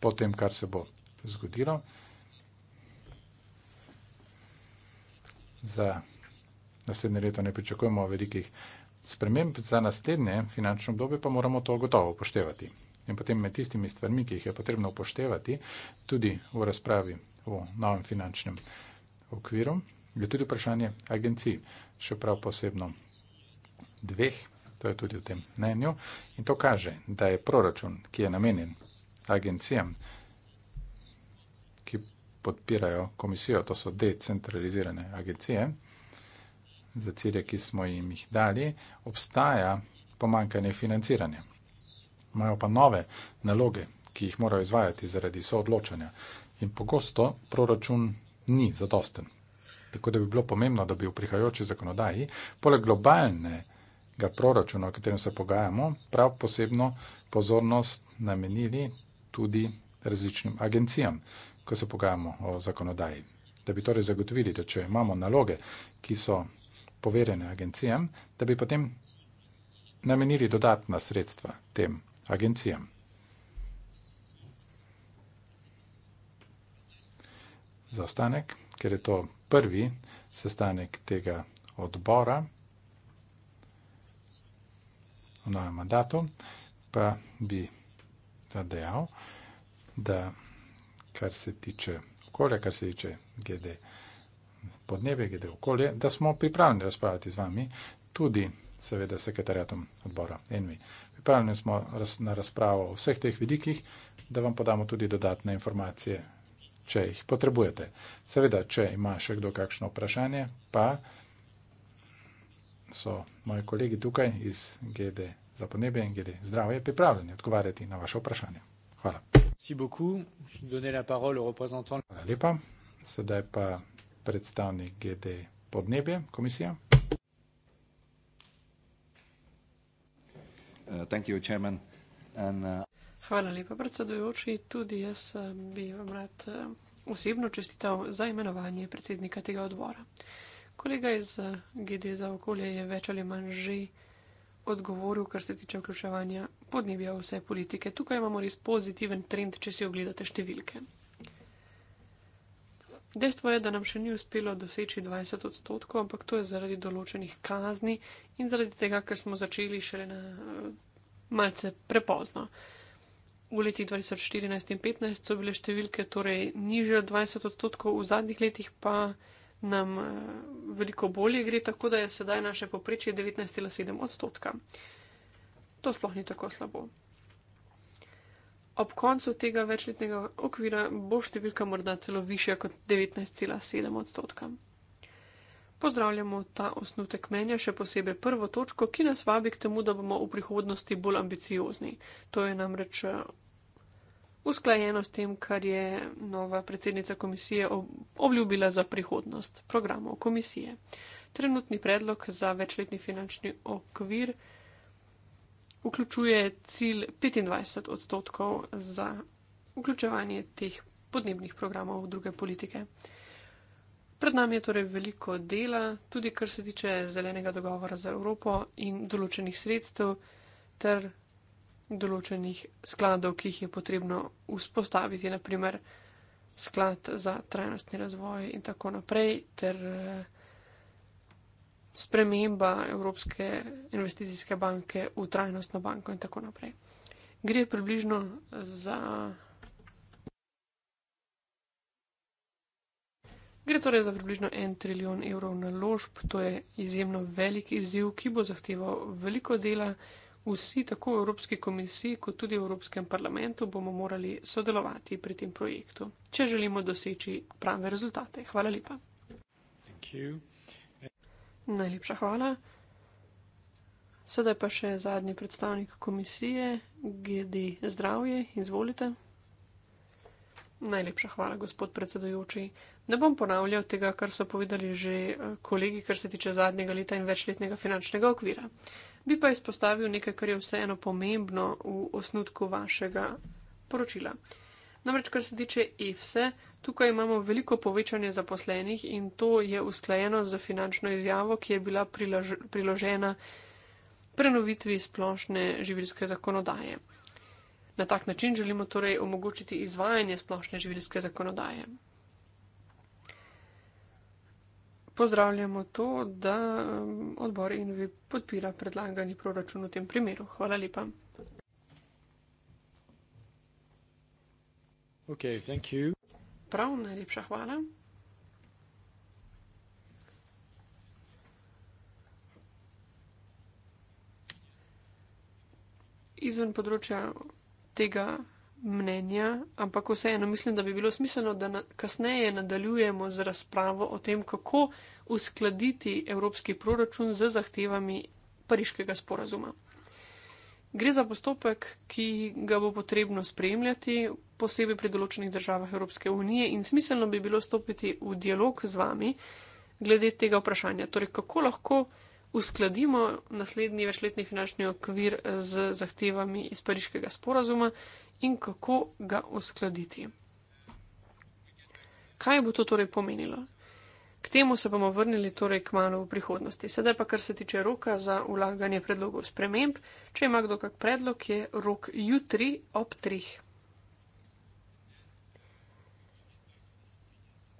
po tem, kar se bo zgodilo. Za naslednje leto ne pričakujemo velikih sprememb za naslednje finančno obdobje pa moramo to gotovo upoštevati. In potem med tistimi stvarmi, ki jih je potrebno upoštevati, tudi v razpravi o novem finančnem okviru, je tudi vprašanje agencij, še prav posebno dveh, to je tudi v tem mnenju. In to kaže, da je proračun, ki je namenjen agencijam, ki podpirajo komisijo, to so decentralizirane agencije, za cilje, ki smo jim jih dali, obstaja pomankanje financiranja. Imajo pa nove naloge, ki jih morajo izvajati zaradi soodločanja in pogosto proračun ni zadosten. Tako da bi bilo pomembno, da bi v prihajajoči zakonodaji, poleg globalnega proračuna, o katerem se pogajamo, prav posebno pozornost namenili tudi različnim agencijam, ko se pogajamo o zakonodaji. Da bi torej zagotovili, da če imamo naloge, ki so poverjene agencijam, da bi potem namenili dodatna sredstva tem agencijam. Za ostanek, ker je to prvi sestanek tega odbora v novem mandatu, pa bi rad dejal, da kar se tiče okolja, kar se tiče GDP, podnebje, glede okolje, da smo pripravljeni razpravljati z vami, tudi seveda sekretarjatom odbora NV. Pripravljeni smo na razpravo o vseh teh vidikih, da vam podamo tudi dodatne informacije, če jih potrebujete. Seveda, če ima še kdo kakšno vprašanje, pa so moji kolegi tukaj iz GD za podnebje in GD zdravje pripravljeni odgovarjati na vaše vprašanje. Hvala. Hvala lepa. Sedaj pa predstavnik GD podnebje, komisija. Uh, thank you, chairman. And, uh... Hvala lepa, predsedujoči. Tudi jaz uh, bi vam rad uh, osebno čestital za imenovanje predsednika tega odbora. Kolega iz uh, GD za okolje je več ali manj že odgovoril, kar se tiče vključevanja podnebja v vse politike. Tukaj imamo res pozitiven trend, če si ogledate številke. Dejstvo je, da nam še ni uspelo doseči 20 odstotkov, ampak to je zaradi določenih kazni in zaradi tega, ker smo začeli šele na malce prepozno. V letih 2014 in 2015 so bile številke torej niže od 20 odstotkov, v zadnjih letih pa nam veliko bolje gre, tako da je sedaj naše poprečje 19,7 odstotka. To sploh ni tako slabo ob koncu tega večletnega okvira bo številka morda celo višja kot 19,7 odstotka. Pozdravljamo ta osnutek menja, še posebej prvo točko, ki nas vabi k temu, da bomo v prihodnosti bolj ambiciozni. To je namreč eh, usklajeno s tem, kar je nova predsednica komisije obljubila za prihodnost programov komisije. Trenutni predlog za večletni finančni okvir vključuje cilj 25 odstotkov za vključevanje teh podnebnih programov v druge politike. Pred nami je torej veliko dela, tudi kar se tiče zelenega dogovora za Evropo in določenih sredstev ter določenih skladov, ki jih je potrebno vzpostaviti, naprimer sklad za trajnostni razvoj in tako naprej, ter eh, sprememba Evropske investicijske banke v trajnostno banko in tako naprej. Gre približno za. Gre torej za približno en trilijon evrov naložb, to je izjemno velik izziv, ki bo zahteval veliko dela. Vsi, tako v Evropski komisiji, kot tudi v Evropskem parlamentu, bomo morali sodelovati pri tem projektu, če želimo doseči prave rezultate. Hvala lepa. Thank you. Najlepša hvala. Sedaj pa še zadnji predstavnik komisije, GD zdravje, izvolite. Najlepša hvala, gospod predsedujoči. Ne bom ponavljal tega, kar so povedali že eh, kolegi, kar se tiče zadnjega leta in večletnega finančnega okvira. Bi pa izpostavil nekaj, kar je vseeno pomembno v osnutku vašega poročila. Namreč, kar se tiče EFSE, tukaj imamo veliko povečanje zaposlenih in to je usklajeno z finančno izjavo, ki je bila prilož priložena prenovitvi splošne živilske zakonodaje. Na tak način želimo torej omogočiti izvajanje splošne živilske zakonodaje. Pozdravljamo to, da um, odbor in vi podpira predlagani proračun v tem primeru. Hvala lepa. Okay, thank you. Prav, najlepša hvala. Izven področja tega mnenja, ampak vseeno mislim, da bi bilo smiselno, da na, kasneje nadaljujemo z razpravo o tem, kako uskladiti evropski proračun z zahtevami pariškega sporazuma. Gre za postopek, ki ga bo potrebno spremljati, posebej pri določenih državah Evropske unije in smiselno bi bilo stopiti v dialog z vami glede tega vprašanja. Torej, kako lahko uskladimo naslednji večletni finančni okvir z zahtevami iz Pariškega sporazuma in kako ga uskladiti. Kaj bo to torej pomenilo? K temu se bomo vrnili torej k malu v prihodnosti. Sedaj pa kar se tiče roka za ulaganje predlogov sprememb, če ima kdo kak predlog, je rok jutri ob trih.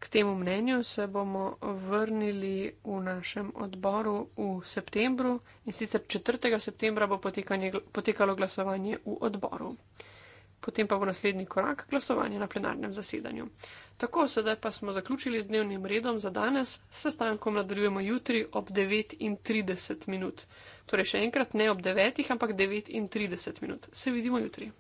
K temu mnenju se bomo vrnili v našem odboru v septembru in sicer 4. septembra bo potekalo glasovanje v odboru potem pa bo naslednji korak glasovanje na plenarnem zasedanju. Tako, sedaj pa smo zaključili z dnevnim redom za danes, s sestankom nadaljujemo jutri ob 9.30 minut. Torej še enkrat ne ob 9, ampak 9.30 minut. Se vidimo jutri.